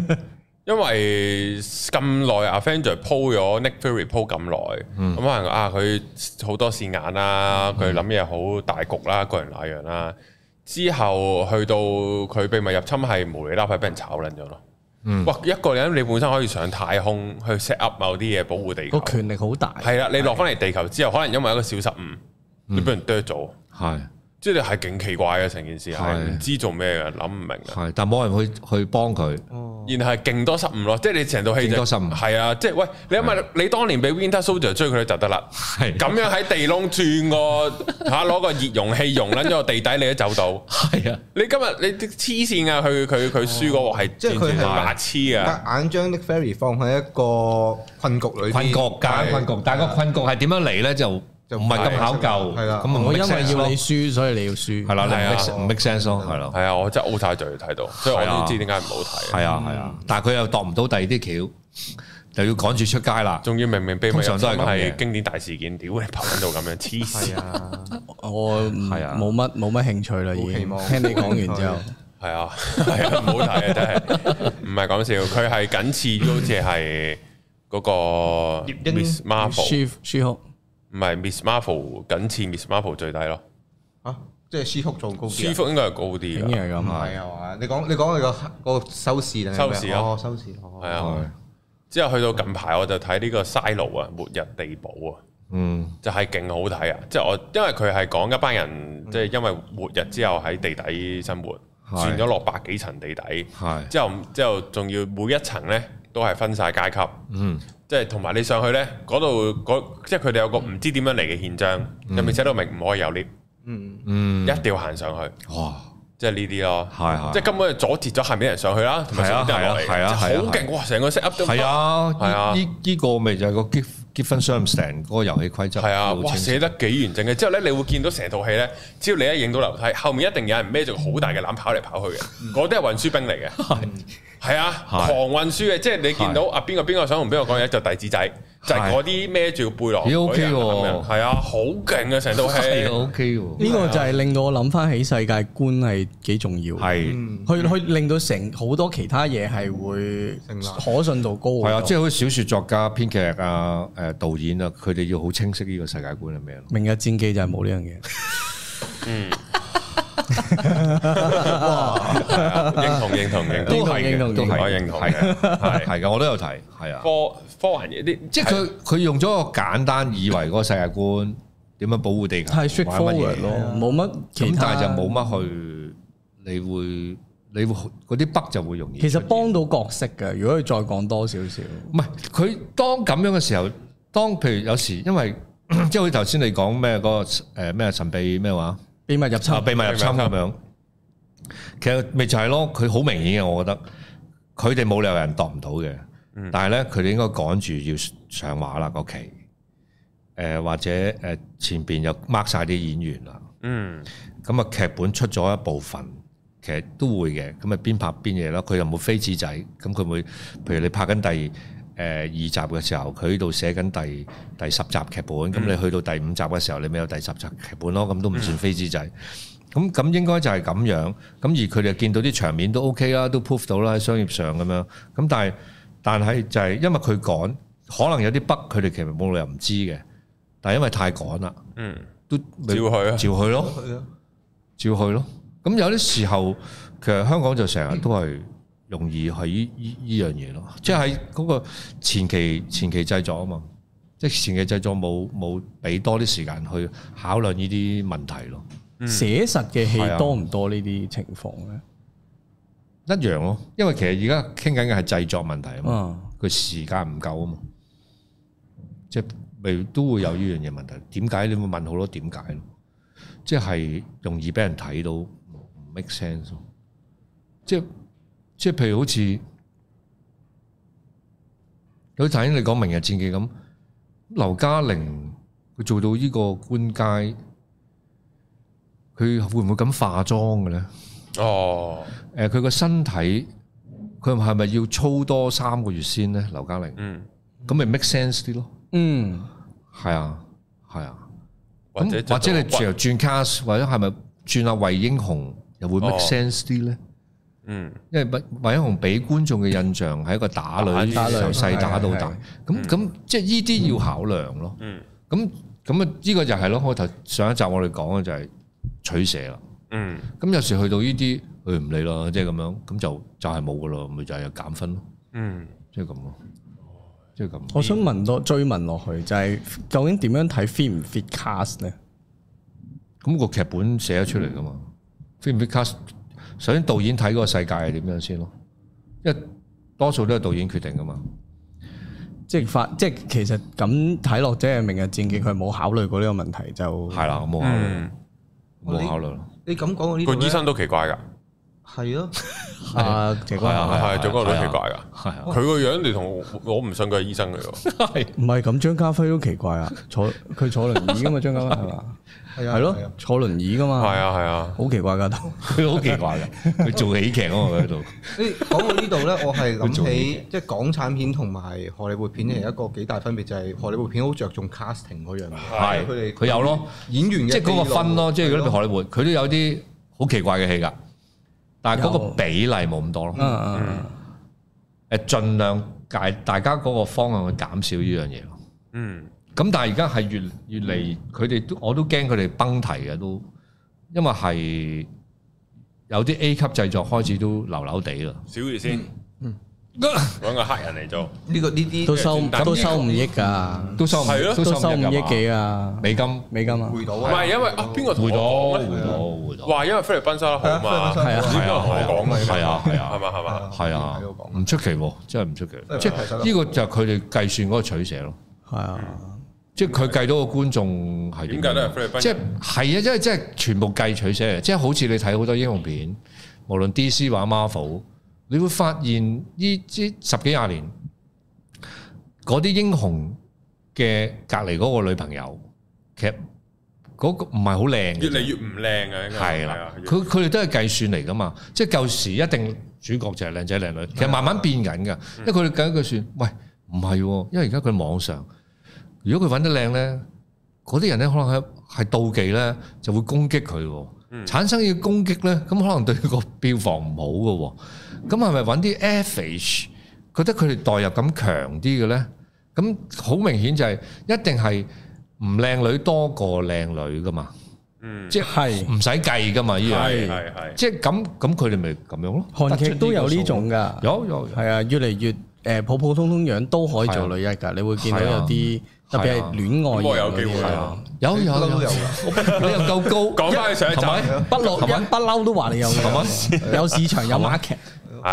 啊！因為咁耐阿 f a n g r 鋪咗 Nick Fury 鋪咁耐，咁可能啊佢好多線眼啦，佢諗嘢好大局啦，個人那樣啦。之後去到佢秘密入侵係無厘啦，係俾人炒爛咗咯。嗯，哇！一個人你本身可以上太空去 set up 某啲嘢保護地球，個權力好大。係啦、啊，你落翻嚟地球之後，的可能因為一個小失誤，你俾、嗯、人 drop 咗。係的。即係你係勁奇怪嘅，成件事係唔知做咩嘅，諗唔明，係但冇人去去幫佢，然後係勁多失誤咯，即係你成套戲勁多失誤，係啊，即係喂你咪你當年俾 Winter Soldier 追佢就得啦，咁樣喺地窿轉個吓攞個熱容器融捻咗個地底你都走到，係啊，你今日你黐線噶，佢佢佢輸個鑊係，即係佢係牙黐啊，硬將 Nick Fury 放喺一個困局裏，困局加困局，但個困局係點樣嚟咧就？就唔係咁考究，咁唔因為要你輸，所以你要輸，係啦，你唔 make sense 咯，係咯，係啊，我真係 o 太 t 就要睇到，所以我都知點解唔好睇。係啊，係啊，但係佢又度唔到第二啲橋，又要趕住出街啦。終於明明被埋，上，常都係咁嘅。經典大事件，屌你拍緊到咁樣，黐線啊！我冇乜冇乜興趣啦，已經。聽你講完之後，係啊係啊，唔好睇啊，真係唔係講笑。佢係次似，好似係嗰個葉英馬布舒克。唔係 Miss Marvel，僅次 Miss Marvel 最低咯。啊，即係舒福仲高啲。舒福應該係高啲。咁啊？啊你講你講你個嗰收視咧？收視啊，哦、收視。係、哦、啊。是之後去到近排，我就睇呢個《Silo》啊，《末日地堡》啊。嗯。就係勁好睇啊！即係我，因為佢係講一班人，即係因為末日之後喺地底生活，住咗落百幾層地底。之後之後仲要每一層咧都係分晒階級。嗯。即係同埋你上去咧，嗰度嗰即係佢哋有個唔知點樣嚟嘅憲章，入面寫到明唔可以有 lift，嗯嗯，一定要行上去。哇！即係呢啲咯，係係，即係根本阻截咗下面人上去啦。係啊係啊係啊係啊，好勁！哇，成個 set up 都係啊係啊，呢呢個咪就係個結結婚雙人成嗰個遊戲規則。係啊，哇，寫得幾完整嘅。之後咧，你會見到成套戲咧，只要你一影到樓梯後面，一定有人孭住好大嘅籃跑嚟跑去嘅，嗰啲係運輸兵嚟嘅。係啊，啊狂運輸嘅，啊、即係你見到啊邊個邊個想同邊個講嘢就遞紙仔，就係嗰啲孭住個背囊，OK 係啊，好勁啊，成套戲 OK，呢個就係令到我諗翻起世界觀係幾重要，係，去去令到成好多其他嘢係會可信度高，係、嗯嗯嗯、啊，即係好似小說作家、編劇啊、誒、呃、導演啊，佢哋要好清晰呢個世界觀係咩咯？明日戰記就係冇呢樣嘢， 嗯。認同認同認同，都係嘅，都係我認同嘅，係係嘅，我都有睇，係啊，科科幻嘢啲，即係佢佢用咗個簡單二維嗰個世界觀，點樣保護地球，係寫科幻咯，冇乜其他，他就冇乜去，你會你會嗰啲筆就會容易，其實幫到角色嘅，如果佢再講多少少，唔係佢當咁樣嘅時候，當譬如有時因為咳咳即係我頭先你講咩嗰個誒咩神秘咩話。秘密入侵、啊、秘密入侵咁樣，其實咪就係咯，佢好明顯嘅，我覺得佢哋冇理由人度唔到嘅。嗯、但係咧，佢哋應該趕住要上畫啦個期，誒、呃、或者誒前邊又 mark 晒啲演員啦。嗯，咁啊劇本出咗一部分，其實都會嘅。咁啊邊拍邊嘢咯，佢又冇飛紙仔，咁佢會，譬如你拍緊第二。誒二集嘅時候，佢喺度寫緊第第十集劇本，咁、嗯、你去到第五集嘅時候，你咪有第十集劇本咯，咁都唔算飛紙仔。咁咁、嗯、應該就係咁樣。咁而佢哋見到啲場面都 OK 啦，都 proof 到啦，喺商業上咁樣。咁但係但係就係因為佢趕，可能有啲北佢哋其實冇理由唔知嘅。但係因為太趕啦，嗯，都不照去啊，照去咯，照去咯。咁有啲時候其實香港就成日都係。容易係呢呢呢樣嘢咯，即係嗰個前期前期製作啊嘛，即係前期製作冇冇俾多啲時間去考慮呢啲問題咯、嗯嗯。寫實嘅戲多唔多呢啲情況咧？一樣咯、啊，因為其實而家傾緊嘅係製作問題啊嘛，個、嗯、時間唔夠啊嘛，即係會都會有呢樣嘢問題。點解你會問好多點解？即係容易俾人睇到，唔 make sense 即。即係。即係譬如好似，頭先睇你講《明日戰記》咁，劉嘉玲佢做到呢個官階，佢會唔會咁化妝嘅咧？哦，誒，佢個身體，佢係咪要操多三個月先咧？劉嘉玲，嗯，咁咪 make sense 啲咯？嗯，係啊，係啊，或者，或者你轉轉 cast，或者係咪轉阿韋英雄又會 make sense 啲咧？哦嗯， 因為惠英紅俾觀眾嘅印象係一個打女，打女，由細打到大，咁咁即係呢啲要考量咯，嗯。嗯，咁咁啊呢個就係咯，開頭上一集我哋講嘅就係取捨啦。嗯，咁有時去到呢啲，佢唔理咯，即係咁樣，咁就就係冇噶咯，咪就係減分咯。嗯， 即係咁咯，即係咁。我想問多追問落去，就係究竟點樣睇 fit 唔 fit cast 咧？咁個劇本寫得出嚟噶嘛？fit 唔 fit cast？首先導演睇嗰個世界係點樣先咯，因為多數都係導演決定噶嘛，即係發即係其實咁睇落，即係明日戰記佢冇考慮過呢個問題就係啦，冇考慮冇、嗯、考慮。你咁講個呢個醫生都奇怪噶。係咯，啊，鄭哥係啊，鄭哥奇怪噶，佢個樣你同我唔信佢係醫生嚟喎，係唔係咁？張家輝都奇怪啊，坐佢坐輪椅噶嘛，張家輝係嘛，係啊，係咯，坐輪椅噶嘛，係啊係啊，好奇怪噶都，佢好奇怪噶，佢做喜劇啊嘛佢喺度。講到呢度咧，我係諗起即係港產片同埋荷里活片係一個幾大分別，就係荷里活片好着重 casting 嗰樣，係佢有咯演員，即係嗰個分咯，即係荷里活，佢都有啲好奇怪嘅戲噶。但係嗰個比例冇咁多咯，嗯、啊、嗯，誒，盡量介大家嗰個方向去減少呢樣嘢咯，嗯，咁但係而家係越越嚟，佢哋都我都驚佢哋崩堤嘅都，因為係有啲 A 級製作開始都流流地啦，少少先。嗯。搵個黑人嚟做呢個呢啲都收，都收五億噶，都收，係咯，都收五億幾啊？美金，美金啊！回到啊？唔係因為邊個回到啊？回到，回到。話因為菲律賓收得好嘛？係啊，係啊，係嘛，係嘛，係啊，唔出奇喎，真係唔出奇。即係呢個就係佢哋計算嗰個取捨咯。係啊，即係佢計到個觀眾係點解都係菲律賓？即係係啊，因為即係全部計取捨，即係好似你睇好多英雄片，無論 DC 或 Marvel。你會發現呢？呢十幾廿年嗰啲英雄嘅隔籬嗰個女朋友，其實嗰個唔係好靚，越嚟越唔靚啊！係啦，佢佢哋都係計算嚟噶嘛，即係舊時一定主角就係靚仔靚女，其實慢慢變緊噶，因為佢哋計一計算，喂唔係，因為而家佢網上，如果佢揾得靚咧，嗰啲人咧可能係係妒忌咧，就會攻擊佢，產生要攻擊咧，咁可能對個票房唔好噶。咁係咪揾啲 average？覺得佢哋代入感強啲嘅咧？咁好明顯就係一定係唔靚女多過靚女噶嘛？嗯，即係唔使計噶嘛呢樣。係係係。即係咁咁，佢哋咪咁樣咯。韓劇都有呢種噶，有有。係啊，越嚟越誒普普通通樣都可以做女一噶。你會見到有啲特別係戀愛有機會。有有有，你又夠高。講翻去上集，不落不嬲都話你有，有市場有 market。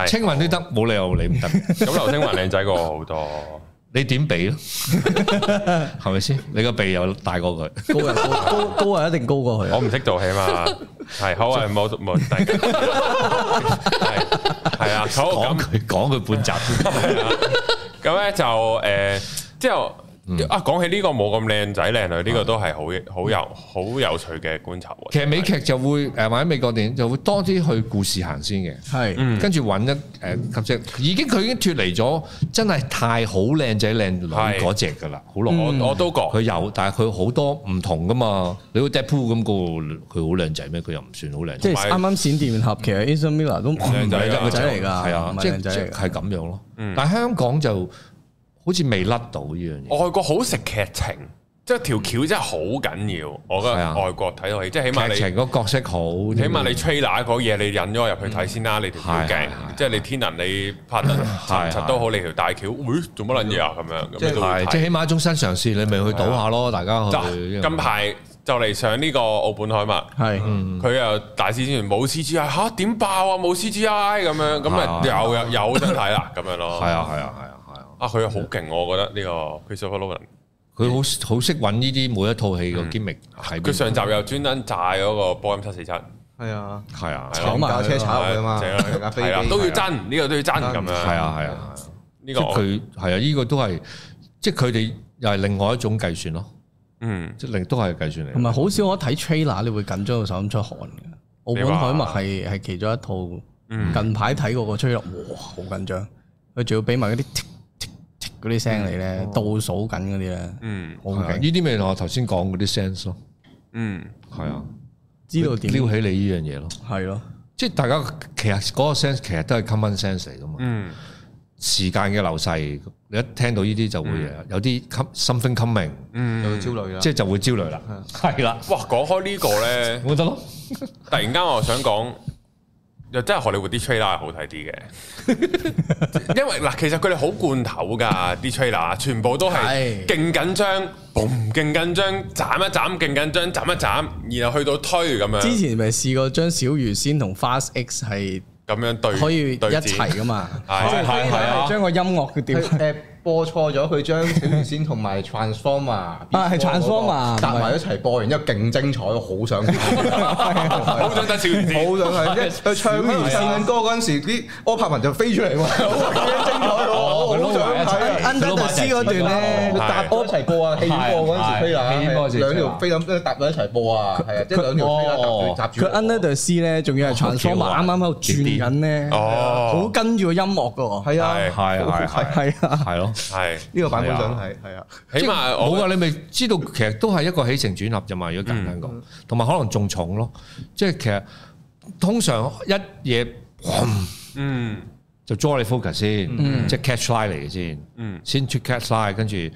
青雲都得，冇理由你唔得。咁劉青雲靚仔過好多，你點比咯？係咪先？你個鼻又大過佢，高又高，高高啊一定高過佢。我唔識做戲嘛，係好啊，冇冇問題。係係啊，講佢講佢半集。咁咧就誒，之後。啊，講起呢個冇咁靚仔靚女，呢個都係好好有好有趣嘅觀察。其實美劇就會誒，或者美國電影就會多啲去故事行先嘅，係跟住揾一誒角色。已經佢已經脫離咗，真係太好靚仔靚女嗰隻噶啦，好耐。我都講佢有，但係佢好多唔同噶嘛。你個 Deadpool 咁個佢好靚仔咩？佢又唔算好靚。即係啱啱閃電俠，其實 Ezra Miller 都靚仔，靚仔嚟㗎，係啊，即係咁樣咯。但係香港就。好似未甩到呢樣嘢，外國好食劇情，即係條橋真係好緊要。我覺得外國睇到戲，即係起碼你劇情個角色好，起碼你 trailer 嗰嘢你引咗入去睇先啦。你條橋勁，即係你天能你拍得神七都好，你條大橋，喂，做乜撚嘢啊？咁樣，即係起碼一種新嘗試，你咪去賭下咯，大家去，近排就嚟上呢個澳本海嘛，係，佢又大肆宣傳冇 C G I，吓點爆啊冇 C G I 咁樣，咁咪又又有得睇啦，咁樣咯。係啊係啊係啊。啊！佢好勁，我覺得呢個 Christopher Nolan，佢好好識揾呢啲每一套戲個揭秘喺。佢上集又專登炸嗰個波音七四七，係啊，係啊，炒架車、炒佢飛嘛，都要爭，呢個都要爭咁樣，係啊，係啊，呢個佢係啊，呢個都係，即係佢哋又係另外一種計算咯。嗯，即係另都係計算嚟。同埋好少我睇 trailer，你會緊張到手咁出汗嘅。澳門海默係係其中一套，近排睇過個 trailer，哇，好緊張！佢仲要俾埋嗰啲。嗰啲聲嚟咧，倒數緊嗰啲咧，嗯，好勁。呢啲咪我頭先講嗰啲 sense 咯，嗯，係啊，知道點撩起你呢樣嘢咯，係咯，即係大家其實嗰個 sense 其實都係 common sense 嚟噶嘛，嗯，時間嘅流逝，你一聽到呢啲就會有啲 something coming，嗯，就會焦慮啦，即係就會焦慮啦，係啦，哇，講開呢個咧，我得咯，突然間我想講。又真係荷里活啲 trailer 好睇啲嘅，因為嗱，其實佢哋好罐頭㗎，啲 trailer 全部都係勁緊張，嘣，勁緊張斬一斬，勁緊張斬一斬，然後去到推咁樣。之前咪試過將小魚仙同 Fast X 係咁樣對，可以對一齊㗎嘛？係，係，係，將個音樂佢點。播錯咗，佢將小魚仙同埋 Transformer 啊，係 Transformer 搭埋一齊播，然之後勁精彩，好想，好想睇小魚，好想睇即係佢唱唱緊歌嗰陣時，啲柯柏文就飛出嚟喎，好精彩喎，我想睇 under the sea 嗰段咧，佢搭一齊播啊，戲播嗰陣時飛啦，兩條飛咁，跟住搭到一齊播啊，係啊，即係兩條飛咁搭住，佢 under the sea 咧，仲要係 Transformer 啱啱喺度轉緊咧，哦，好跟住個音樂嘅喎，係啊，係啊！係啊，係咯。係呢個版本上係係啊，起碼好啊。你咪知道其實都係一個起承轉合啫嘛。如果簡單講，同埋可能仲重咯，即係其實通常一嘢，嗯，就抓你 focus 先，即係 catch line 嚟嘅先，嗯，先出 catch line，跟住你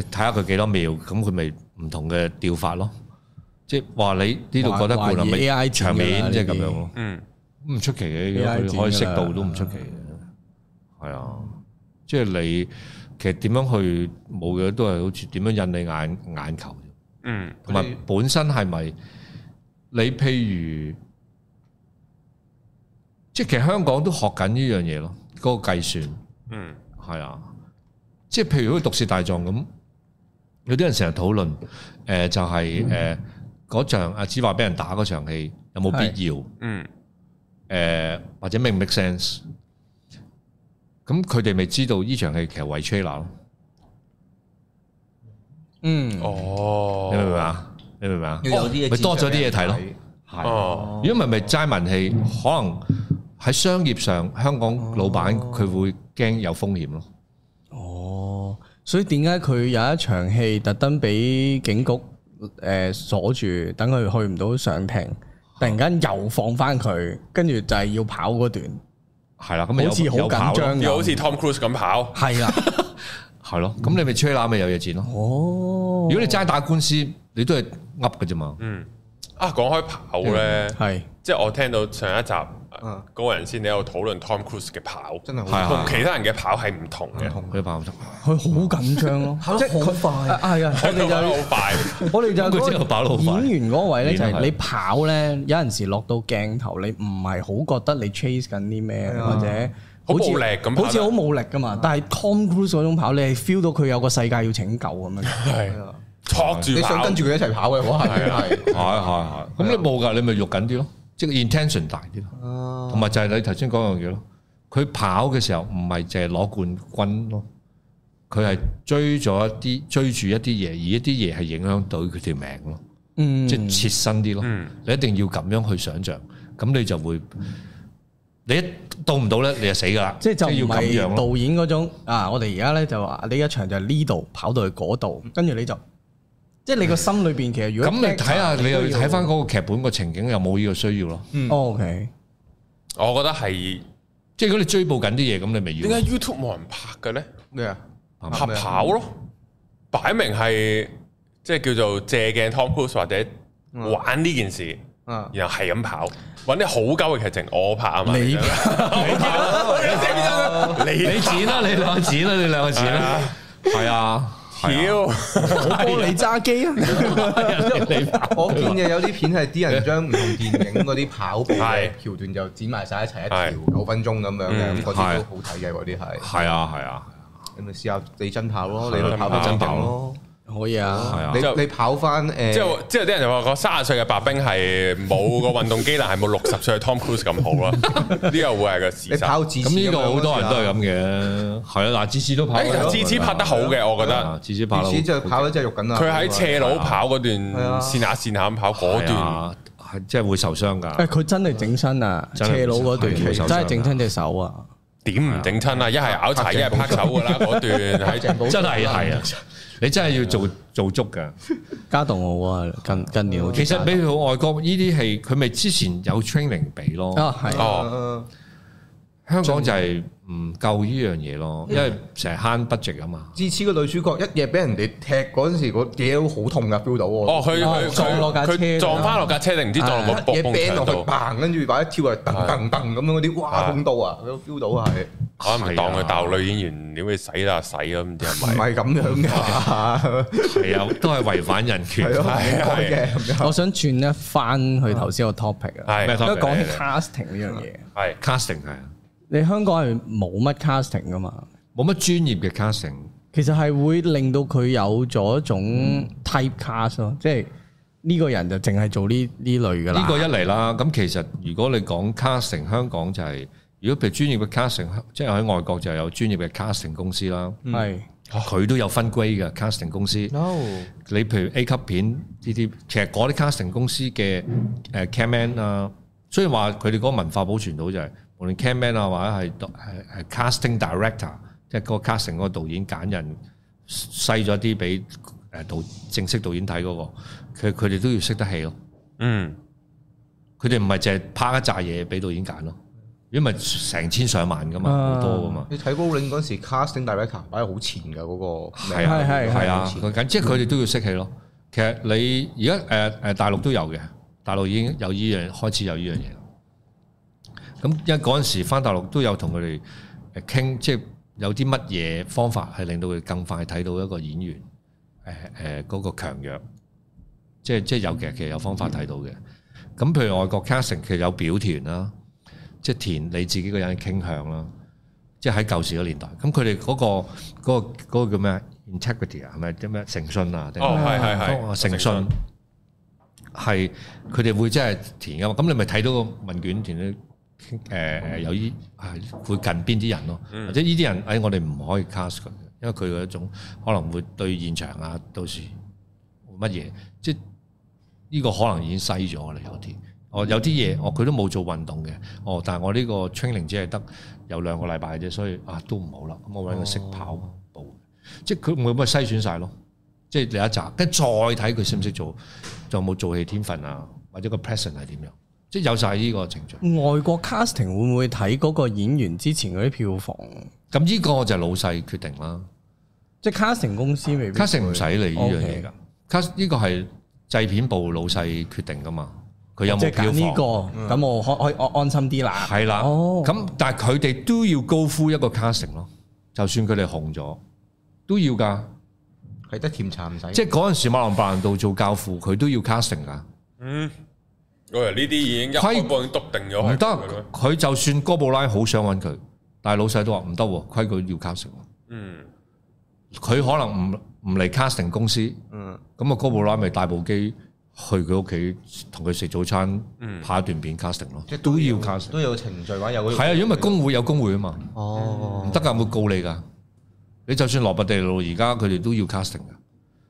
睇下佢幾多秒，咁佢咪唔同嘅調法咯。即係話你呢度覺得冇乜畫面，即係咁樣咯。唔出奇嘅，佢可以識到都唔出奇嘅，係啊。即係你其實點樣去冇嘅都係好似點樣引你眼眼球，嗯，同埋本身係咪你譬如即係其實香港都學緊呢樣嘢咯，嗰個計算，嗯，係啊、呃，即係譬如好似毒舌大狀咁，有啲人成日討論，誒，就係誒嗰場阿子華俾人打嗰場戲有冇必要，嗯，誒或者 make 唔 make sense？咁佢哋咪知道呢場戲其實為 trailer 咯，嗯，哦，你，你明唔明啊？你明唔明啊？有啲嘢，咪多咗啲嘢睇咯，係、嗯。如果唔係，咪齋文戲，可能喺商業上香港老闆佢會驚有風險咯。哦，所以點解佢有一場戲特登俾警局誒鎖住，等佢去唔到上庭，突然間又放翻佢，跟住就係要跑嗰段。係啦，咁又好緊張，又好似 Tom Cruise 咁跑，係啊，係咯， 咁你咪吹喇，咪有嘢戰咯。哦，如果你齋打官司，你都係噏㗎咋嘛。嗯。啊，講開跑咧，係即係我聽到上一集嗰人先，你喺度討論 Tom Cruise 嘅跑，真係好，同其他人嘅跑係唔同嘅，佢跑佢好緊張咯，即係好快，係啊，我哋就好快，我哋就好快。演員嗰位咧，就係你跑咧，有陣時落到鏡頭，你唔係好覺得你 chase 緊啲咩，或者好無力咁，好似好冇力噶嘛，但係 Tom Cruise 嗰種跑，你 feel 到佢有個世界要拯救咁樣。捉住，你想跟住佢一齊跑嘅，可能係係係係，咁、啊啊啊啊啊、你冇噶，你咪肉緊啲咯，即係 intention 大啲咯，同埋、哦、就係你頭先講樣嘢咯，佢跑嘅時候唔係淨係攞冠軍咯，佢係追咗一啲追住一啲嘢，而一啲嘢係影響到佢條命咯，嗯、即係切身啲咯，嗯、你一定要咁樣去想象，咁你就會，你一到唔到咧，你就死噶啦，即係就唔係導演嗰種，啊，我哋而家咧就話呢一場就係呢度跑到去嗰度，跟住你就。即係你個心裏邊其實，如果咁你睇下，你又睇翻嗰個劇本個情景有冇呢個需要咯？O K，我覺得係即係如果你追捕緊啲嘢，咁你咪要。點解 YouTube 冇人拍嘅咧？咩啊？拍跑咯，擺明係即係叫做借鏡 Top Post 或者玩呢件事，然後係咁跑，揾啲好舊嘅劇情我拍啊嘛。你你剪啦，你兩個剪啦，你兩個剪啦，係啊。玻璃揸機啊！我見嘅有啲片係啲人將唔同電影嗰啲跑步嘅橋段就剪埋晒一齊，一條九分鐘咁樣嘅，嗰啲都好睇嘅，嗰啲係。係啊係啊，咁咪試下地震跑咯，你去跑啲震跑咯。可以啊，係啊，你你跑翻誒，即係即係啲人就話個卅歲嘅白兵係冇個運動機能係冇六十歲嘅 Tom Cruise 咁好咯，呢個會係個事實。你跑子子咁，呢個好多人都係咁嘅，係啊，嗱子子都跑，子子拍得好嘅，我覺得子子跑。子子就跑咗只肉緊啦。佢喺斜路跑嗰段，線下線下咁跑嗰段，係即係會受傷㗎。誒，佢真係整親啊，斜路嗰段真係整親隻手啊！點唔整親啊！一係拗柴，一係拍，拍手噶啦，嗰 段係真係係啊！ 你真係要做做足噶，加動物啊！近近年，好其實比如外國呢啲係佢咪之前有 training 俾咯，哦，香港就係、是。唔夠呢樣嘢咯，因為成日慳 budget 啊嘛。至此個女主角一夜俾人哋踢嗰陣時，個腰好痛噶，feel 到喎。哦，佢佢佢落架車，佢撞翻落架車定唔知撞落個波崩落去，bang 跟住快一跳嚟，噔噔噔咁樣嗰啲，哇痛到啊，佢都 feel 到係。我可能當佢鬥女演員你會洗啦洗咁，唔係唔係咁樣嘅。係啊，都係違反人權嘅。我想轉一翻去頭先個 topic 啊。咩 topic 啊？講起 casting 呢樣嘢。係 casting 係啊。你香港係冇乜 casting 噶嘛？冇乜專業嘅 casting，其實係會令到佢有咗一種 typecast 咯、嗯，即係呢個人就淨係做呢呢類㗎啦。呢個一嚟啦，咁其實如果你講 casting，香港就係、是、如果譬如專業嘅 casting，即係喺外國就有專業嘅 casting 公司啦。係，佢都有分 grade 嘅 casting 公司。No，你譬如 A 級片呢啲，其實嗰啲 casting 公司嘅誒 caman 啊，雖然話佢哋嗰個文化保存到就係、是。無論 cast man 啊，或者係誒 casting director，即係嗰個 casting 嗰個導演揀人細咗啲俾誒導正式導演睇嗰、嗰個，佢哋都要識得戲咯。嗯，佢哋唔係淨係拍一紮嘢俾導演揀咯，因為成千上萬噶、啊、嘛，好多噶嘛。你睇《高影》嗰時 casting director 擺喺好前噶嗰、嗰個，係係係啊，佢緊、啊啊嗯、即係佢哋都要識戲咯。其實你而家誒誒大陸都有嘅，大陸已經有依、呢、樣、個、開始有依樣嘢。咁因為嗰陣時翻大陸都有同佢哋誒傾，即係有啲乜嘢方法係令到佢更快睇到一個演員誒誒嗰個強弱，即係即係有劇其實有方法睇到嘅。咁譬如外國 casting 其實有表填啦，即係填你自己個人嘅傾向啦。即係喺舊時嗰年代，咁佢哋嗰個嗰個嗰個，叫咩 integrity 啊，係咪啲咩誠信啊？定係係係誠信係佢哋會即係填噶嘛？咁你咪睇到個問卷填誒有啲係會近邊啲人咯，嗯、或者呢啲人誒、哎、我哋唔可以 cast 佢，因為佢有一種可能會對現場啊到時乜嘢，即係依、呢個可能已經篩咗啦有啲，哦有啲嘢哦佢都冇做運動嘅，哦但係我呢個 training 只係得有兩個禮拜啫，所以啊都唔好啦，咁我揾佢識跑步，哦、即係佢我咪篩選晒咯，即係第一集跟再睇佢識唔識做，嗯、有冇做戲天分啊，或者個 person 係點樣？即係有晒呢個程序。外國 casting 會唔會睇嗰個演員之前嗰啲票房？咁呢個就係老細決定啦。即係 casting 公司未必 casting 唔使理呢樣嘢噶。cast 呢 Okay. 個係製片部老細決定噶嘛？佢有冇即呢個？咁、嗯、我可可以安安心啲啦。係啦。哦。咁但係佢哋都要 go through 一個 casting 咯。就算佢哋紅咗都要噶。係得甜茶唔使。不用不用，即係嗰陣時馬龍白蘭度做教父，佢都要 casting 噶。嗯。我哋呢啲已經規已經築定咗，唔得。佢就算哥布拉好想揾佢，但係老細都話唔得，規矩要 casting。嗯，佢可能唔唔嚟 casting 公司。嗯，咁啊，哥布拉咪帶部機去佢屋企，同佢食早餐，拍一段片 casting 咯。即係都要 casting，都有程序話有。係啊，因為工會有工會啊嘛。哦，唔得㗎，會告你㗎。你就算羅拔地路而家，佢哋都要 casting 㗎。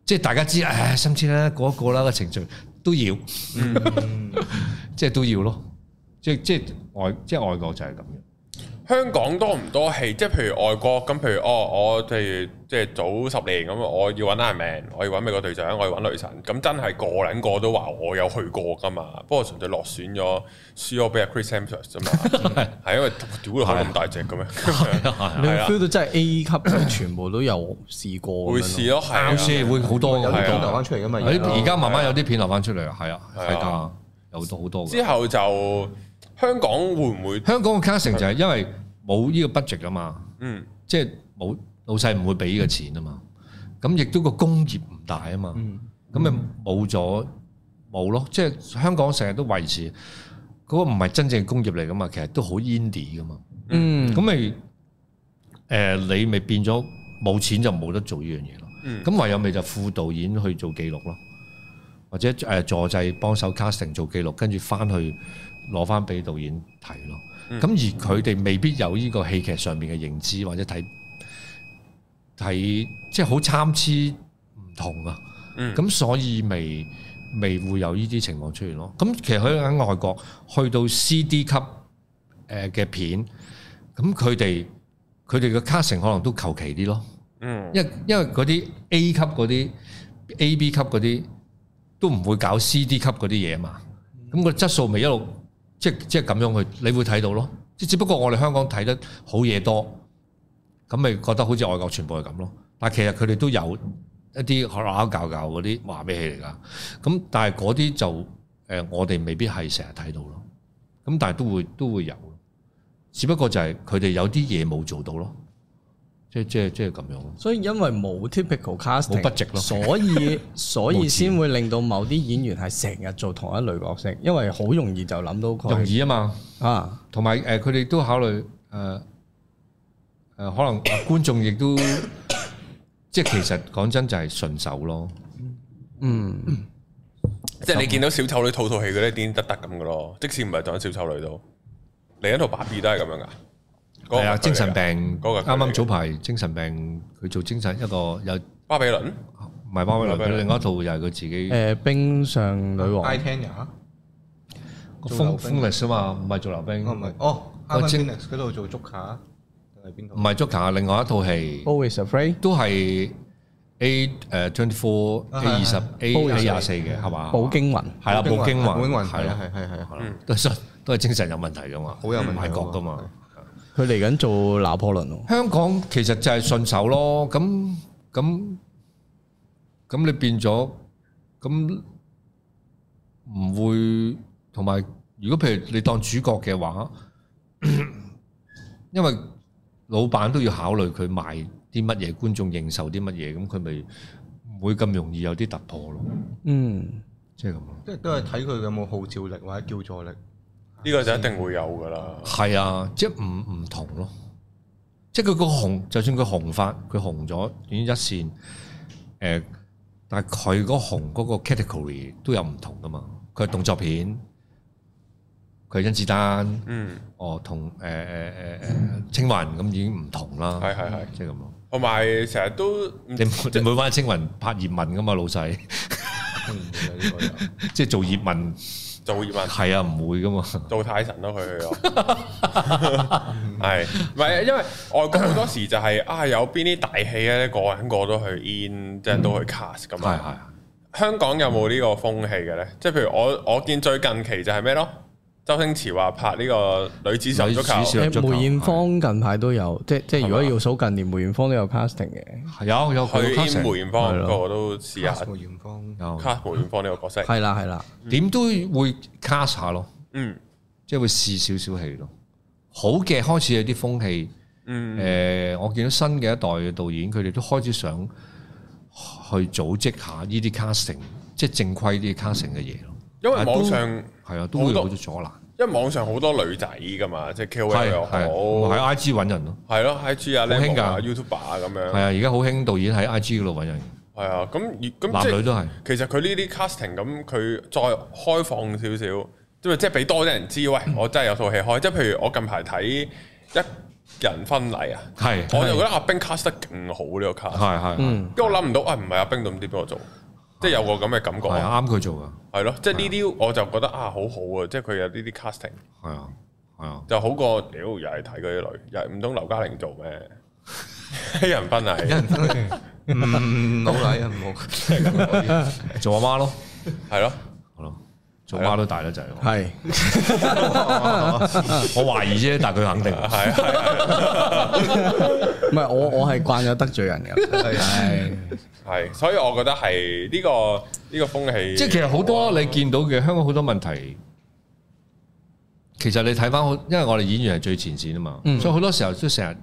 即係大家知，唉，甚至啦，個個啦個程序。都要，嗯、即係都要咯，即係即係外，即係外國就係咁樣。香港多唔多戲？即係譬如外國咁，譬如哦，我譬如即係早十年咁，我要揾 Iron Man，我要揾美國隊長，我要揾雷神，咁真係個零個都話我有去過噶嘛？不過純粹落選咗，輸咗俾阿 Chris Evans 啫嘛。係因為屌下咁大隻咁樣。你 feel 到真係 A 級，全部都有試過。會試咯，會試會好多。有啲片留翻出嚟噶嘛？而家慢慢有啲片留翻出嚟啊，係啊，係噶，有好多好多。之後就。香港會唔會香港嘅 casting 就係因為冇呢個 budget 啊嘛，嗯，即係冇老細唔會俾呢個錢啊嘛，咁亦都個工業唔大啊嘛，咁咪冇咗冇咯，即係、就是、香港成日都維持嗰、那個唔係真正工業嚟噶嘛，其實都好 independent 噶嘛，嗯，咁咪誒你咪變咗冇錢就冇得做呢樣嘢咯，咁、嗯、唯有咪就副導演去做記錄咯，或者誒助製幫手 casting 做記錄，跟住翻去。攞翻俾導演睇咯，咁、嗯、而佢哋未必有呢個戲劇上面嘅認知，或者睇睇即係好參差唔同啊。咁、嗯、所以未未會有呢啲情況出現咯。咁其實佢喺外國去到 C D 級誒嘅片，咁佢哋佢哋嘅 cast 可能都求其啲咯。嗯，因為因為嗰啲 A 級嗰啲 A B 級嗰啲都唔會搞 C D 級嗰啲嘢啊嘛。咁、個質素咪一路。即即係咁樣去，你會睇到咯。即只不過我哋香港睇得好嘢多，咁咪覺得好似外國全部係咁咯。但其實佢哋都有一啲鬧鬧搞搞嗰啲話咩嚟噶。咁但係嗰啲就誒，我哋未必係成日睇到咯。咁但係都會都會有，只不過就係佢哋有啲嘢冇做到咯。即即即係咁樣，所以因為冇 typical casting 不值咯，所以所以先會令到某啲演員係成日做同一類角色，因為好容易就諗到佢容易啊嘛啊，同埋誒佢哋都考慮誒誒可能觀眾亦都即係其實講真就係順手咯，嗯，即係你見到小丑女套套戲嗰啲癲得得咁噶咯，即使唔係當小丑女都，你喺套芭比都係咁樣啊？係啊，精神病，啱啱早排精神病佢做精神一個有巴比倫，唔係巴比倫，佢另外一套又係佢自己誒，冰上女王，I, Tonya 個 Phoenix 啊嘛，唔係做溜冰，唔係哦，Phoenix 嗰度做足球，係邊？唔係足球啊，另外一套係 Always Afraid，都係 A 誒 Twenty Four A 二十 A A 廿四嘅係嘛？寶戇驚魂係啦，寶戇驚魂寶戇驚魂係啦，係係係，都係都係精神有問題噶嘛，好有問題噶嘛。佢嚟緊做拿破崙咯，香港其實就係順手咯。咁咁咁，你變咗咁唔會同埋，如果譬如你當主角嘅話，因為老闆都要考慮佢賣啲乜嘢，觀眾認受啲乜嘢，咁佢咪唔會咁容易有啲突破咯。嗯，即係咁，即係都係睇佢有冇號召力或者叫助力。呢個就一定會有噶啦，係啊，即係唔唔同咯，即係佢個紅，就算佢紅發，佢紅咗已經一線，誒、呃，但係佢嗰紅嗰個 category 都有唔同噶嘛，佢係動作片，佢係甄子丹，嗯，哦，同誒誒誒誒青雲人咁已經唔同啦，係係係，即係咁咯，同埋成日都你每翻青雲拍葉問噶嘛，老細， 即係做葉問。 做業問係啊，唔會噶嘛，做泰神都去去又係，唔係 因為外國好多時就係、是、 啊有邊啲大戲咧？個個咗去 in、嗯、即係都去 cast 咁啊。係係、嗯，香港有冇呢個風氣嘅咧？即係、嗯、譬如我我見最近期就係咩咯？周星馳話拍呢個女子足球，梅艷芳近排都有，吧即係即係如果要數近年，梅艷芳都有 casting 嘅吧吧，有有佢 cast 梅艷芳個試試吧，艷芳個我都試下吧梅艷芳 cast 梅艷芳呢個角色，係啦係啦，點、嗯、都會 cast 下咯，嗯，即係會試少少戲咯，好嘅開始有啲風氣，嗯，誒、呃，我見到新嘅一代嘅導演，佢哋都開始想去組織下呢啲 casting，即係正規啲 casting 嘅嘢咯。因為網上係啊，都會好似阻攔。因為網上好多女仔噶嘛，即係 KOL 又好，喺 I G 搵人咯。係咯，I G 啊，好興噶 YouTuber 啊，咁樣。係啊，而家好興導演喺 I G 嗰度搵人。係啊，咁男女都係。其實佢呢啲 casting 咁，佢再開放少少，即係即係俾多啲人知，喂，我真係有套戲開。即係譬如我近排睇一人婚禮啊，係，是我就覺得阿冰 cast 得勁好呢、這個 cast。係係，因為、嗯、我諗唔到啊，唔、哎、係阿冰點點點我做。即係有個咁嘅感覺，啱佢做嘅，係咯，即係呢啲我就覺得的啊，好好啊，即係佢有呢啲 casting，係啊，係啊，就好過屌又係睇佢啲女，又唔通劉嘉玲做咩？一 人分係，一人分，唔老底啊，唔好做阿媽咯，係咯的，係咯。做媽都大得滯，係我懷疑啫，但佢肯定係係唔係我，我係慣咗得罪人嘅，係係，所以我覺得係呢個呢個風氣，即係其實好多你見到嘅香港好多問題，其實你睇翻好，因為我哋演員係最前線啊嘛，嗯、所以好多時候都成日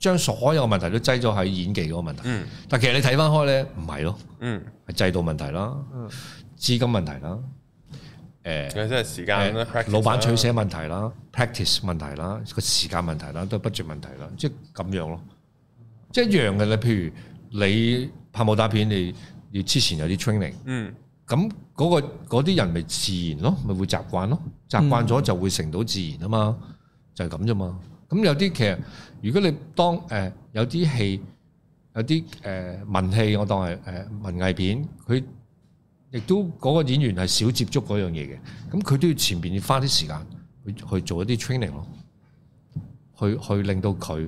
將所有問題都擠咗喺演技嗰個問題，嗯、但其實你睇翻開咧唔係咯，嗯，係制度問題啦，嗯，資金問題啦。誒，呃、即係時間，呃、pract ice 老闆取捨問題啦，practice 問題啦，個時間問題啦，都不絕問題啦，即係咁樣咯。即係一樣嘅你譬如你拍武打片，你要之前有啲 training，嗯，咁嗰、那個嗰啲人咪自然咯，咪會習慣咯，習慣咗就會成到自然啊嘛，嗯、就係咁啫嘛。咁有啲其實，如果你當誒、呃、有啲戲，有啲誒文戲，我當係誒文藝片，佢。亦都嗰個演員係少接觸嗰樣嘢嘅，咁佢都要前邊要花啲時間去去做一啲 training 咯，去去令到佢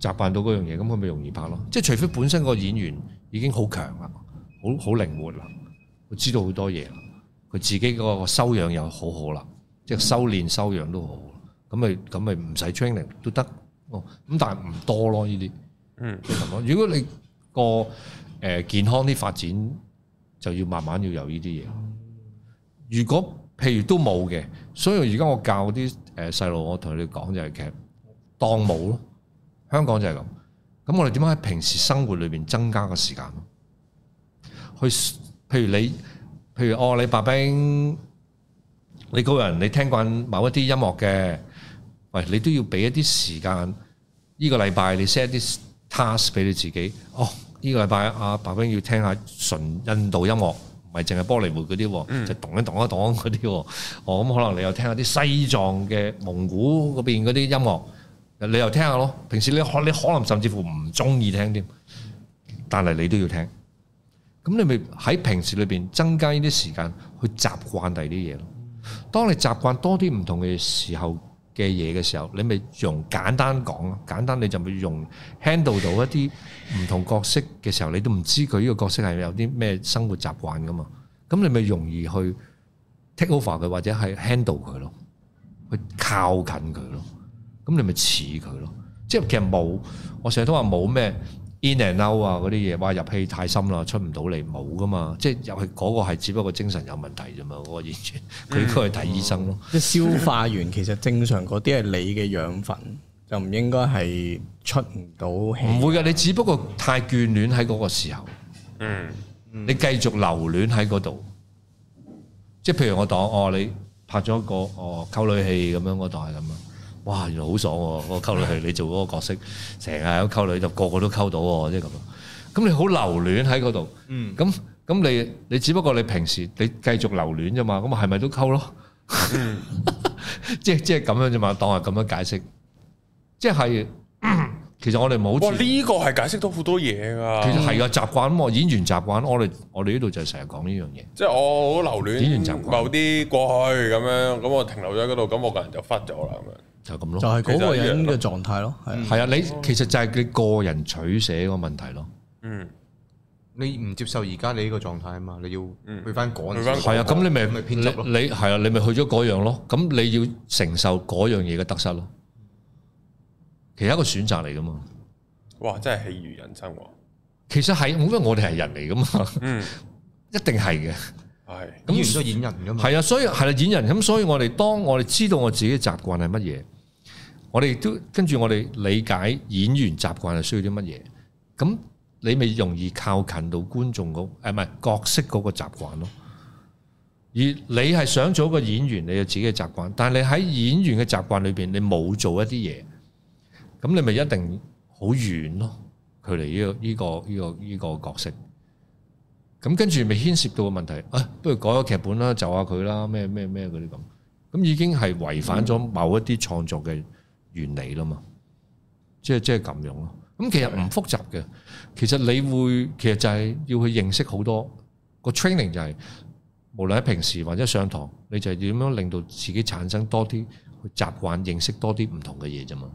習慣到嗰樣嘢，咁佢咪容易拍咯。即係除非本身個演員已經好強啦，好好靈活啦，佢知道好多嘢啦，佢自己個修養又好好啦，即係修練修養都好好，咁咪咁咪唔使 training 都得。哦，咁但係唔多咯呢啲。嗯，如果你個誒健康啲發展，就要慢慢要有呢啲嘢。如果譬如都冇嘅，所以而家我教啲誒細路，我同佢哋講就係：「其實當冇咯。香港就係咁。咁我哋點樣喺平時生活裏面增加個時間？去譬如你，譬如哦，你白兵，你個人你聽慣某一啲音樂嘅，喂，你都要俾一啲時間。呢個禮拜你 set 啲 task 俾你自己。哦。呢個禮拜阿白兵要聽下純印度音樂，唔係淨係玻璃門嗰啲，嗯、就擋一擋一擋嗰啲。哦，咁可能你又聽下啲西藏嘅蒙古嗰邊嗰啲音樂，你又聽下咯。平時你可你可能甚至乎唔中意聽添，但係你都要聽。咁你咪喺平時裏邊增加呢啲時間去習慣第二啲嘢咯。當你習慣多啲唔同嘅時候，嘅嘢嘅時候，你咪用簡單講囉，簡單你就咪用 handle 到一啲唔同角色嘅時候，你都唔知佢呢個角色係有啲咩生活習慣㗎嘛，咁你咪容易去 take over 佢或者係 handle 佢囉，去靠近佢囉，咁你咪似佢囉，即係其實冇，我成日都話冇咩。in and out 啊嗰啲嘢，哇入氣太深啦，出唔到嚟冇噶嘛，即係入去嗰個係只不過精神有問題啫嘛，嗰完全，佢 應該去睇醫生咯、嗯。即係 消化完其實正常嗰啲係你嘅養分，就唔應該係出唔到氣。唔會噶，你只不過太眷戀喺嗰個時候，嗯，嗯，你繼續留戀喺嗰度，即係譬如我當我、哦、你拍咗個哦溝女戲咁樣，我當係咁啊。哇！原來好爽喎、啊，個溝女係你做嗰個角色，成日喺溝女就個個都溝到喎、啊，即係咁。咁你好留戀喺嗰度，咁咁、嗯、你你只不過你平時你繼續留戀啫嘛。咁係咪都溝咯？即係即係咁樣啫嘛，當係咁樣解釋。即係其實我哋冇。哇！呢、呢個係解釋到多好多嘢啊，其實係啊，習慣咁演員習慣。我哋我哋呢度就成日講呢樣嘢。即係我好留戀某啲過去咁樣，咁我停留咗喺嗰度，咁我個人就忽咗啦咁樣。嗯。就咁咯，就係嗰個人嘅狀態咯，係啊，係啊，你其實就係你個人取捨個問題咯，嗯，你唔接受而家你呢個狀態啊嘛，你要去翻嗰樣，係啊，咁你咪咪偏執咯，你係啊，你咪去咗嗰樣咯，咁你要承受嗰樣嘢嘅得失咯，其實一個選擇嚟噶嘛，哇，真係戲如人生，其實係，因為我哋係人嚟噶嘛，嗯，一定係嘅。係，咁演員都演人㗎嘛，係啊、就是，所以係啦，演人咁，所以我哋當我哋知道我自己嘅習慣係乜嘢，我哋都跟住我哋理解演員習慣係需要啲乜嘢，咁你咪容易靠近到觀眾嗰誒，唔係角色嗰個習慣咯。而你係想做一個演員，你有自己嘅習慣，但係你喺演員嘅習慣裏邊，你冇做一啲嘢，咁你咪一定好遠咯，距離，呢個呢個呢個呢個呢個角色。咁跟住咪牽涉到個問題，啊，不如改個劇本啦，就下佢啦，咩咩咩嗰啲咁，咁已經係違反咗某一啲創作嘅原理啦嘛，即係即係咁樣咯。咁其實唔複雜嘅，其實你會其實就係要去認識好多個 training 就係，無論喺平時或者上堂，你就係點樣令到自己產生多啲去習慣認識多啲唔同嘅嘢啫嘛。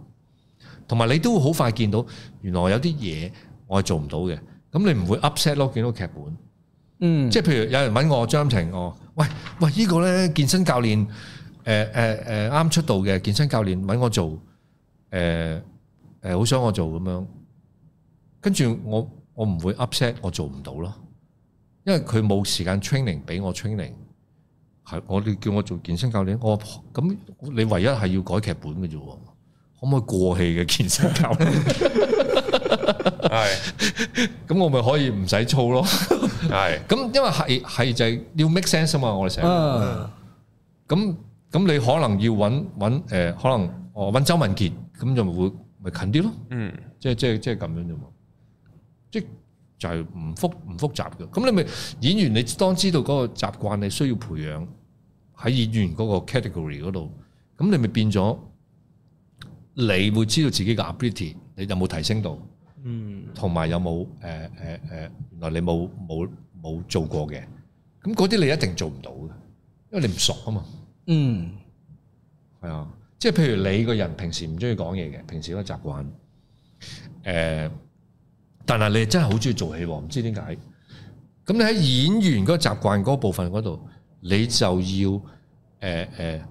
同埋你都會好快見到原來有啲嘢我係做唔到嘅，咁你唔會 upset 咯，見到劇本。嗯，即係譬如有人揾我張婷哦，喂喂，這個、呢個咧健身教練誒誒誒啱出道嘅健身教練揾我做誒誒，好、呃呃呃呃呃、想我做咁樣，跟住我我唔會 upset，我做唔到咯，因為佢冇時間 training 俾我 training，係我哋叫我做健身教練，我咁你唯一係要改劇本嘅啫，可唔可以過氣嘅健身教練？ 係，咁 我咪可以唔使操咯。係，咁因為係係就係、是、要 make sense 啊嘛，我哋成日咁，咁你可能要揾揾誒，可能我揾、哦、周文杰，咁就會咪近啲咯。嗯，即係即係即係咁樣啫嘛。即係就係、是、唔複唔複雜嘅。咁你咪演員，你當知道嗰個習慣，你需要培養喺演員嗰個 category 嗰度。咁你咪變咗，你會知道自己嘅 ability，你有冇提升到？嗯，同埋有冇誒誒誒，原來你冇冇冇做過嘅，咁嗰啲你一定做唔到嘅，因為你唔熟啊嘛。嗯，係啊，即係譬如你個人平時唔中意講嘢嘅，平時嗰個習慣，呃，但係你真係好中意做戲喎，唔知點解。咁你喺演員嗰個習慣嗰部分嗰度，你就要誒誒。呃呃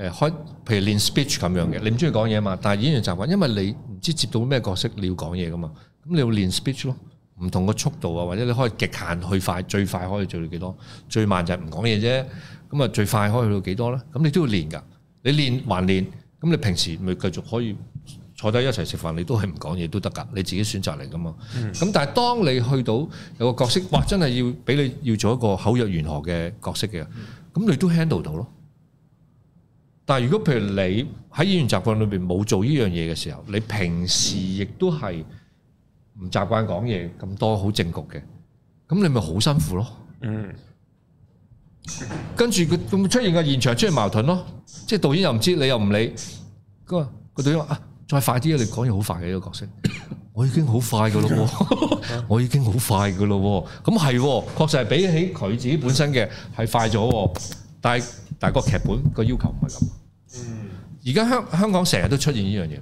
誒開，譬如練 speech 咁樣嘅，你唔中意講嘢嘛？但係演員習慣，因為你唔知接到咩角色，你要講嘢噶嘛，咁你要練 speech 咯，唔同個速度啊，或者你可以極限去快，最快可以做到幾多？最慢就係唔講嘢啫，咁啊最快可以去到幾多咧？咁你都要練㗎，你練還練，咁你平時咪繼續可以坐低一齊食飯，你都係唔講嘢都得㗎，你自己選擇嚟㗎嘛。咁、mm hmm. 但係當你去到有個角色，哇！真係要俾你要做一個口若懸河嘅角色嘅，咁你都 handle 到咯。但係如果譬如你喺演員習慣裏邊冇做呢樣嘢嘅時候，你平時亦都係唔習慣講嘢咁多好正局嘅，咁你咪好辛苦咯。嗯，跟住佢咁出現個現場出現矛盾咯，即係導演又唔知，你又唔理。咁啊，個導演話：啊，再快啲啊！你講嘢好快嘅呢、呢個角色，我已經好快嘅咯， 我已經好快嘅咯。咁係、啊，確實係比起佢自己本身嘅係快咗，但係但係個劇本個要求唔係咁。嗯，而家香香港成日都出現呢樣嘢，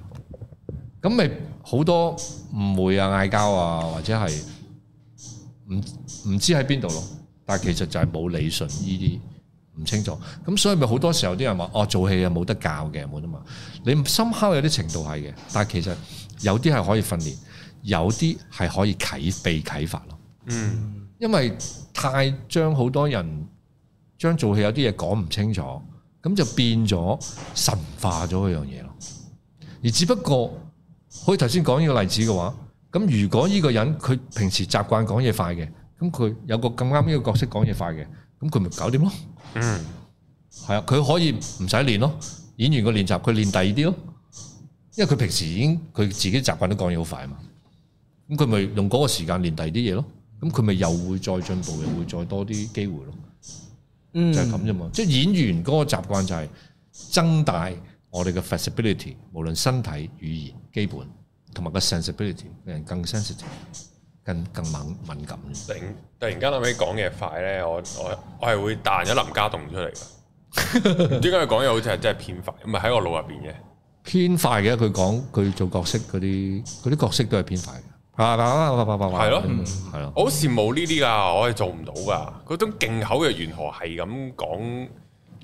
咁咪好多誤會啊、嗌交啊，或者係唔唔知喺邊度咯。但係其實就係冇理順呢啲唔清楚，咁所以咪好多時候啲人話，哦，做戲啊冇得教嘅冇得嘛。你深刻有啲程度係嘅，但係其實有啲係可以訓練，有啲係可以啟被啟發咯。嗯，因為太將好多人將做戲有啲嘢講唔清楚。咁就變咗神化咗嗰樣嘢咯，而只不過，好似頭先講呢個例子嘅話，咁如果呢個人佢平時習慣講嘢快嘅，咁佢有個咁啱呢個角色講嘢快嘅，咁佢咪搞掂咯？嗯，係啊，佢可以唔使練咯，演員嘅練習佢練第二啲咯，因為佢平時已經佢自己習慣都講嘢好快啊嘛，咁佢咪用嗰個時間練第二啲嘢咯，咁佢咪又會再進步，又會再多啲機會咯。嗯，就係咁啫嘛，即係演員個習慣就係增大我哋嘅 flexibility，無論身體、語言、基本，同埋個 sensibility，令人更 sensitive，更更敏敏感。突然間後尾講嘢快咧，我我我係會彈咗林家棟出嚟嘅。點解佢講嘢好似係真係偏快？唔係喺我腦入邊嘅，偏快嘅。佢講佢做角色嗰啲嗰啲角色都係偏快。係咯，係咯，我好羨慕呢啲噶，我係做唔到噶。嗰種勁口嘅言何係咁講，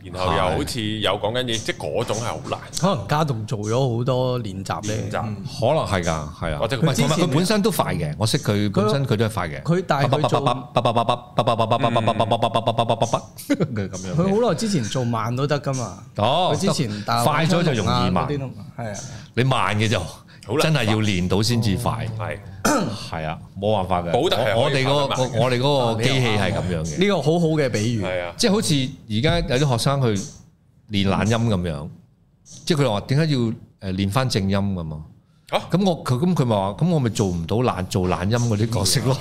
然後又好似有講緊嘢，即係嗰種係好難。可能家棟做咗好多練習咧，可能係噶，係啊。或者唔係佢本身都快嘅，我識佢本身佢都係快嘅。佢但係做佢咁樣。佢好耐之前做慢都得噶嘛。哦，佢之前快咗就容易慢，係啊，你慢嘅就。真係要練到先至快，係，係啊，冇辦法嘅。我哋嗰個，我哋嗰個機器係咁樣嘅。呢個好好嘅比喻，係啊，即係好似而家有啲學生去練懶音咁樣，即係佢話點解要誒練返正音咁啊？咁我佢，咁佢咪話咁我咪做唔到懶做懶音嗰啲角色咯？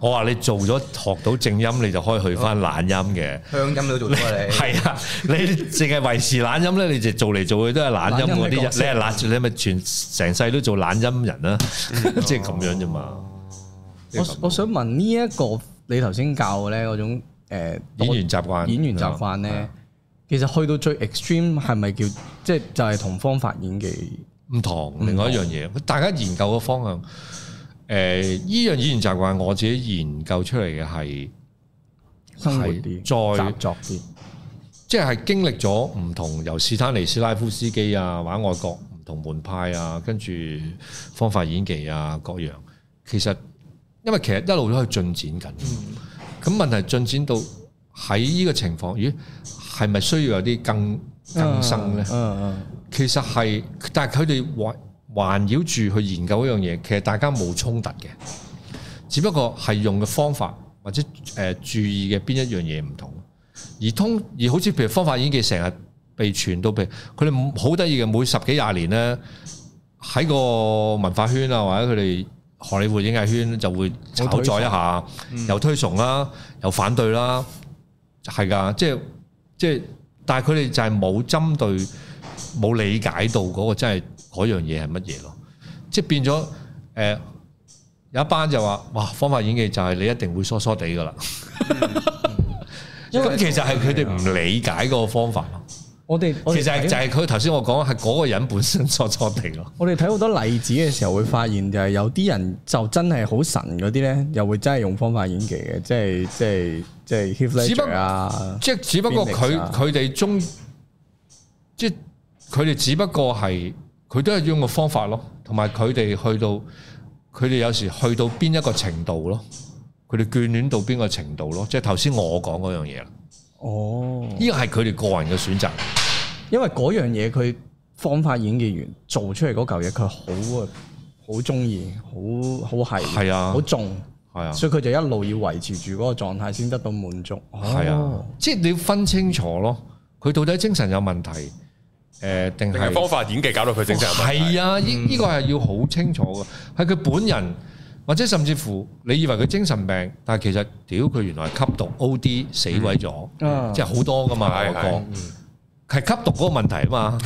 我話你做咗學到正音，你就可以去返懶音嘅，正音都做到啊！你係啊，你淨係維持懶音咧，你就做嚟做去都係懶音嗰啲人，你係懶住，你咪全成世都做懶音人啦，即係咁樣啫嘛。我我想問呢一個你頭先教嘅咧嗰種誒演員習慣，演員習慣咧，其實去到最 extreme 係咪叫即係就係同方法演技唔同，另外一樣嘢，大家研究嘅方向。誒呢樣演員習慣，我自己研究出嚟嘅係，係再作啲，即係經歷咗唔同，由斯坦尼斯拉夫斯基啊玩外國唔同門派啊，跟住方法演技啊各樣。其實因為其實一路都喺度進展緊，咁、嗯、問題進展到喺呢個情況，咦係咪需要有啲更更深咧？啊啊啊、其實係，但係佢哋玩。環繞住去研究一樣嘢，其實大家冇衝突嘅，只不過係用嘅方法或者誒注意嘅邊一樣嘢唔同。而通而好似譬如方法演技成日被傳到被，譬如佢哋好得意嘅，每十幾廿年咧喺個文化圈啊，或者佢哋荷里活影藝圈就會炒作一下，推又推崇啦、嗯，又反對啦，係噶，即係即係，但係佢哋就係冇針對，冇理解到嗰個真係。嗰樣嘢係乜嘢咯？即係變咗，誒、呃，有一班就話，哇，方法演技就係你一定會疏疏地噶啦。咁 其實係佢哋唔理解嗰個方法。我哋其實就係佢頭先我講係嗰個人本身疏疏地咯。我哋睇好多例子嘅時候，會發現就係有啲人就真係好神嗰啲咧，又會真係用方法演技嘅，即係即係即係 Heath Ledger 啊，即係只不過佢佢哋中，即係佢哋只不過係。佢都係用個方法咯，同埋佢哋去到，佢哋有時去到邊一個程度咯，佢哋眷戀到邊個程度咯，即係頭先我講嗰樣嘢啦。哦，呢個係佢哋個人嘅選擇，因為嗰樣嘢佢方法演繹完，做出嚟嗰嚿嘢佢好啊，好中意，好好係，係啊，好重，係啊，所以佢就一路要維持住嗰個狀態，先得到滿足。係啊，哦，即係你要分清楚咯，佢到底精神有問題。誒，定係還方法演技搞到佢正常？係、嗯、啊？呢、這、依個係要好清楚嘅，係佢本人，或者甚至乎你以為佢精神病，但係其實屌佢原來係吸毒 O D 死鬼咗，嗯、即係好多噶嘛？我講係是吸毒嗰個問題啊嘛，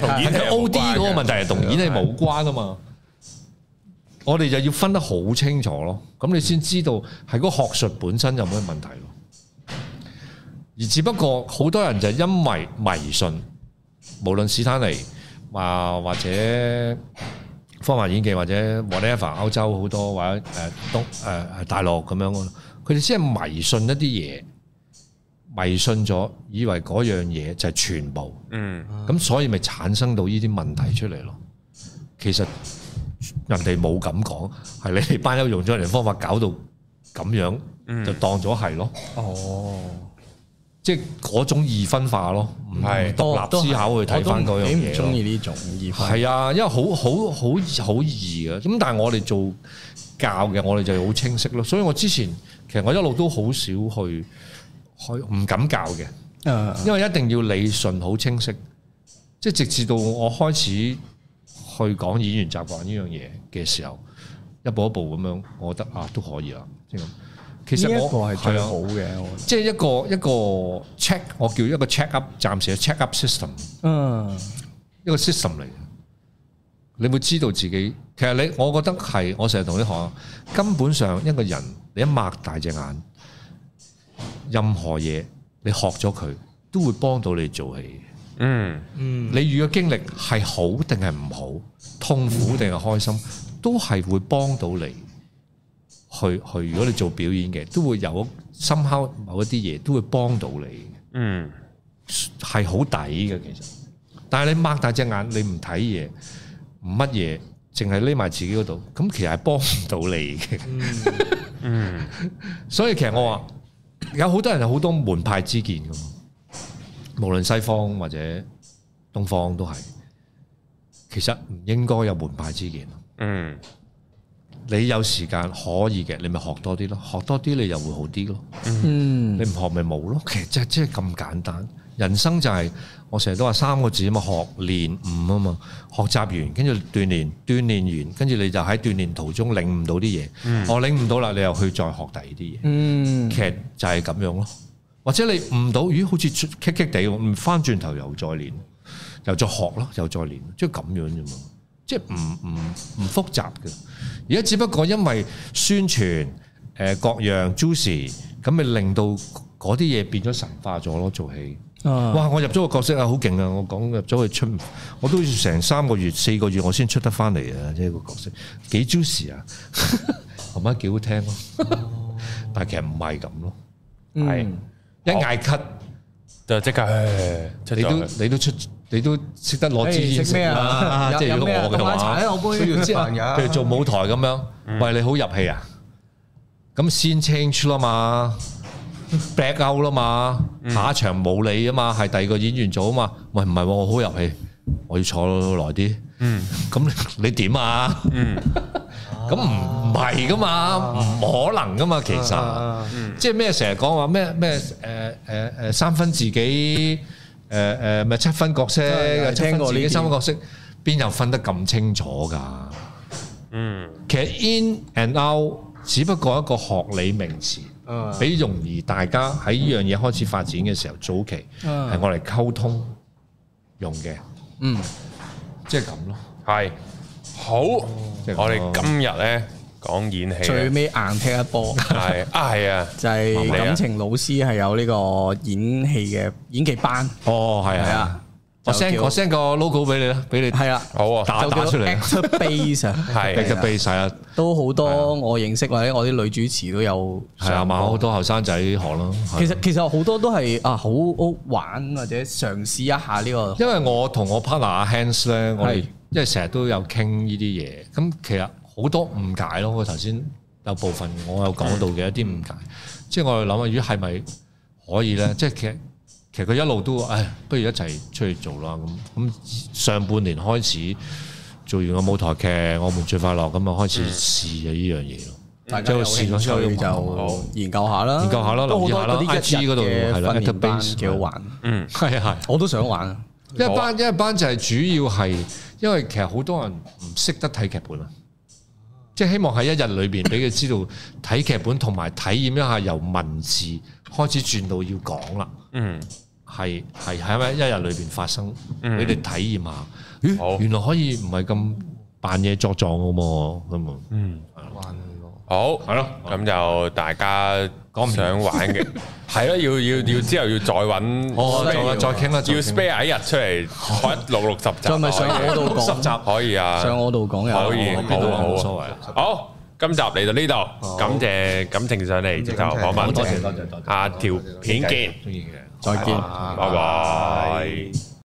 同演 O D 嗰個問題係同演戲冇關啊嘛。我哋就要分得好清楚咯，咁你先知道係嗰個學術本身有冇咩問題咯。而只不過好多人就因為迷信。無論史丹尼或或者方法演技，或者 whatever，歐洲好多或者誒東誒、呃、大陸咁樣佢哋先係迷信一啲嘢，迷信咗，以為嗰樣嘢就係全部。嗯，咁所以咪產生到呢啲問題出嚟咯。其實人哋冇咁講，係你哋班友用咗人哋方法搞到咁樣，就當咗係咯、嗯。哦。即係嗰種易分化咯，唔係獨立思考去睇翻嗰樣嘢咯。唔中意呢種？係啊，因為好好好好易嘅。咁但係我哋做教嘅，我哋就好清晰咯。所以我之前其實我一路都好少去去唔敢教嘅，因為一定要理順好清晰。即係直至到我開始去講演員習慣呢樣嘢嘅時候，一步一步咁樣，我覺得啊都可以啦，即係咁。其實我係最好嘅，即係、啊、一個一個 check，我叫一個 check up，暫時嘅 check up system，嗯，一個 system 嚟嘅。你會知道自己，其實你我覺得係，我成日同你講，根本上一個人，你一擘大隻眼，任何嘢你學咗佢，都會幫到你做起嗯。嗯嗯，你遇嘅經歷係好定係唔好，痛苦定係開心，嗯、都係會幫到你。去去，如果你做表演嘅，都會有深刻某一啲嘢，都會幫到你。嗯，係好抵嘅，其實。但係你擘大隻眼，你唔睇嘢，唔乜嘢，淨係匿埋自己嗰度，咁其實係幫唔到你嘅。嗯， 所以其實我話，有好多人有好多門派之見㗎嘛，無論西方或者東方都係，其實唔應該有門派之見。嗯。你有時間可以嘅，你咪學多啲咯，學多啲你又會好啲咯。嗯，你唔學咪冇咯。其實即係咁簡單，人生就係、是、我成日都話三個字啊嘛，學練悟啊嘛。學習完跟住鍛鍊，鍛鍊完跟住你就喺鍛鍊途中領悟到啲嘢。我、嗯哦、領悟到啦，你又去再學第二啲嘢。嗯，其實就係咁樣咯。或者你悟到，咦？好似棘棘地，唔翻轉頭又再練，又再學啦，又再練，即係咁樣啫嘛。即係唔唔唔複雜嘅，而家只不過因為宣傳誒各樣 juicy，咁咪令到嗰啲嘢變咗神化咗咯，做戲。哇！我入咗個角色啊，好勁啊！我講入咗去出，我都要成三個月四個月，我先出得翻嚟啊！即係個角色幾 juicy 啊，後尾幾好聽咯。但係其實唔係咁咯，係一嗌咳就即刻出咗去。你都你都出。你都識得攞資源食啊！即係如果我嘅話，譬如做舞台咁樣，喂、嗯，你好入戲啊？咁先 change 啦嘛，back out 啦嘛，嗯、下一場冇你啊嘛，係第二個演員做啊嘛。喂，唔係喎，我好入戲，我要坐耐啲。嗯，咁你點啊？ 嗯，咁唔唔係噶嘛，唔可能噶嘛，其實，即係咩成日講話咩咩誒誒誒三分自己。誒誒，咪七分角色，聽過你嘅三分角色，邊有分得咁清楚噶？嗯，其實 in and out 只不過一個學理名詞，嗯，畀容易大家喺呢樣嘢開始發展嘅時候，早期係我嚟溝通用嘅，嗯，即係咁咯，係好，我哋今日呢。講演戲最尾硬踢一波，係啊係啊，就係錦程老師係有呢個演戲嘅演技班哦係啊，我 send 我 send 個 logo 俾你啦，俾你係啊，好啊，打打出嚟，Actor Base 啊，係 Actor Base 啊，都好多我認識或者我啲女主持都有係啊，滿好多後生仔學咯。其實其實好多都係啊，好好玩或者嘗試一下呢個，因為我同我 partner 阿 Hanks 咧，我哋因為成日都有傾呢啲嘢，咁其實。好多誤解咯，我頭先有部分我有講到嘅一啲誤解， 即係我係諗下，如果係咪可以咧？ 即係其實其實佢一路都誒，不如一齊出去做啦咁。咁上半年開始做完個舞台劇《我們最快樂》，咁啊開始試啊呢樣嘢咯。大家有興趣就研究下啦，研究下咯。都好多嗰啲一日嘅訓練班幾、嗯、好玩。嗯，係啊係，我都想玩。的想玩一班一班就係主要係因為其實好多人唔識得睇劇本啊。即係希望喺一日裏邊俾佢知道睇劇本同埋體驗一下由文字開始轉到要講啦。嗯，係係係咪一日裏邊發生？嗯，你哋體驗下，咦，好原來可以唔係咁扮嘢，作狀嘅噃咁啊。嗯，麼嗯好，係咯的，咁就大家。我唔想玩嘅。係咯，要要要之後要再揾，再再傾啦，要 spare 一日出嚟六六十集，再咪上我度講十集可以啊，上我度講又可以，邊度都好，冇所謂啦。好，今集嚟到呢度，感謝錦程上嚟直頭，講多謝多謝多謝，下條片見，再見，拜拜。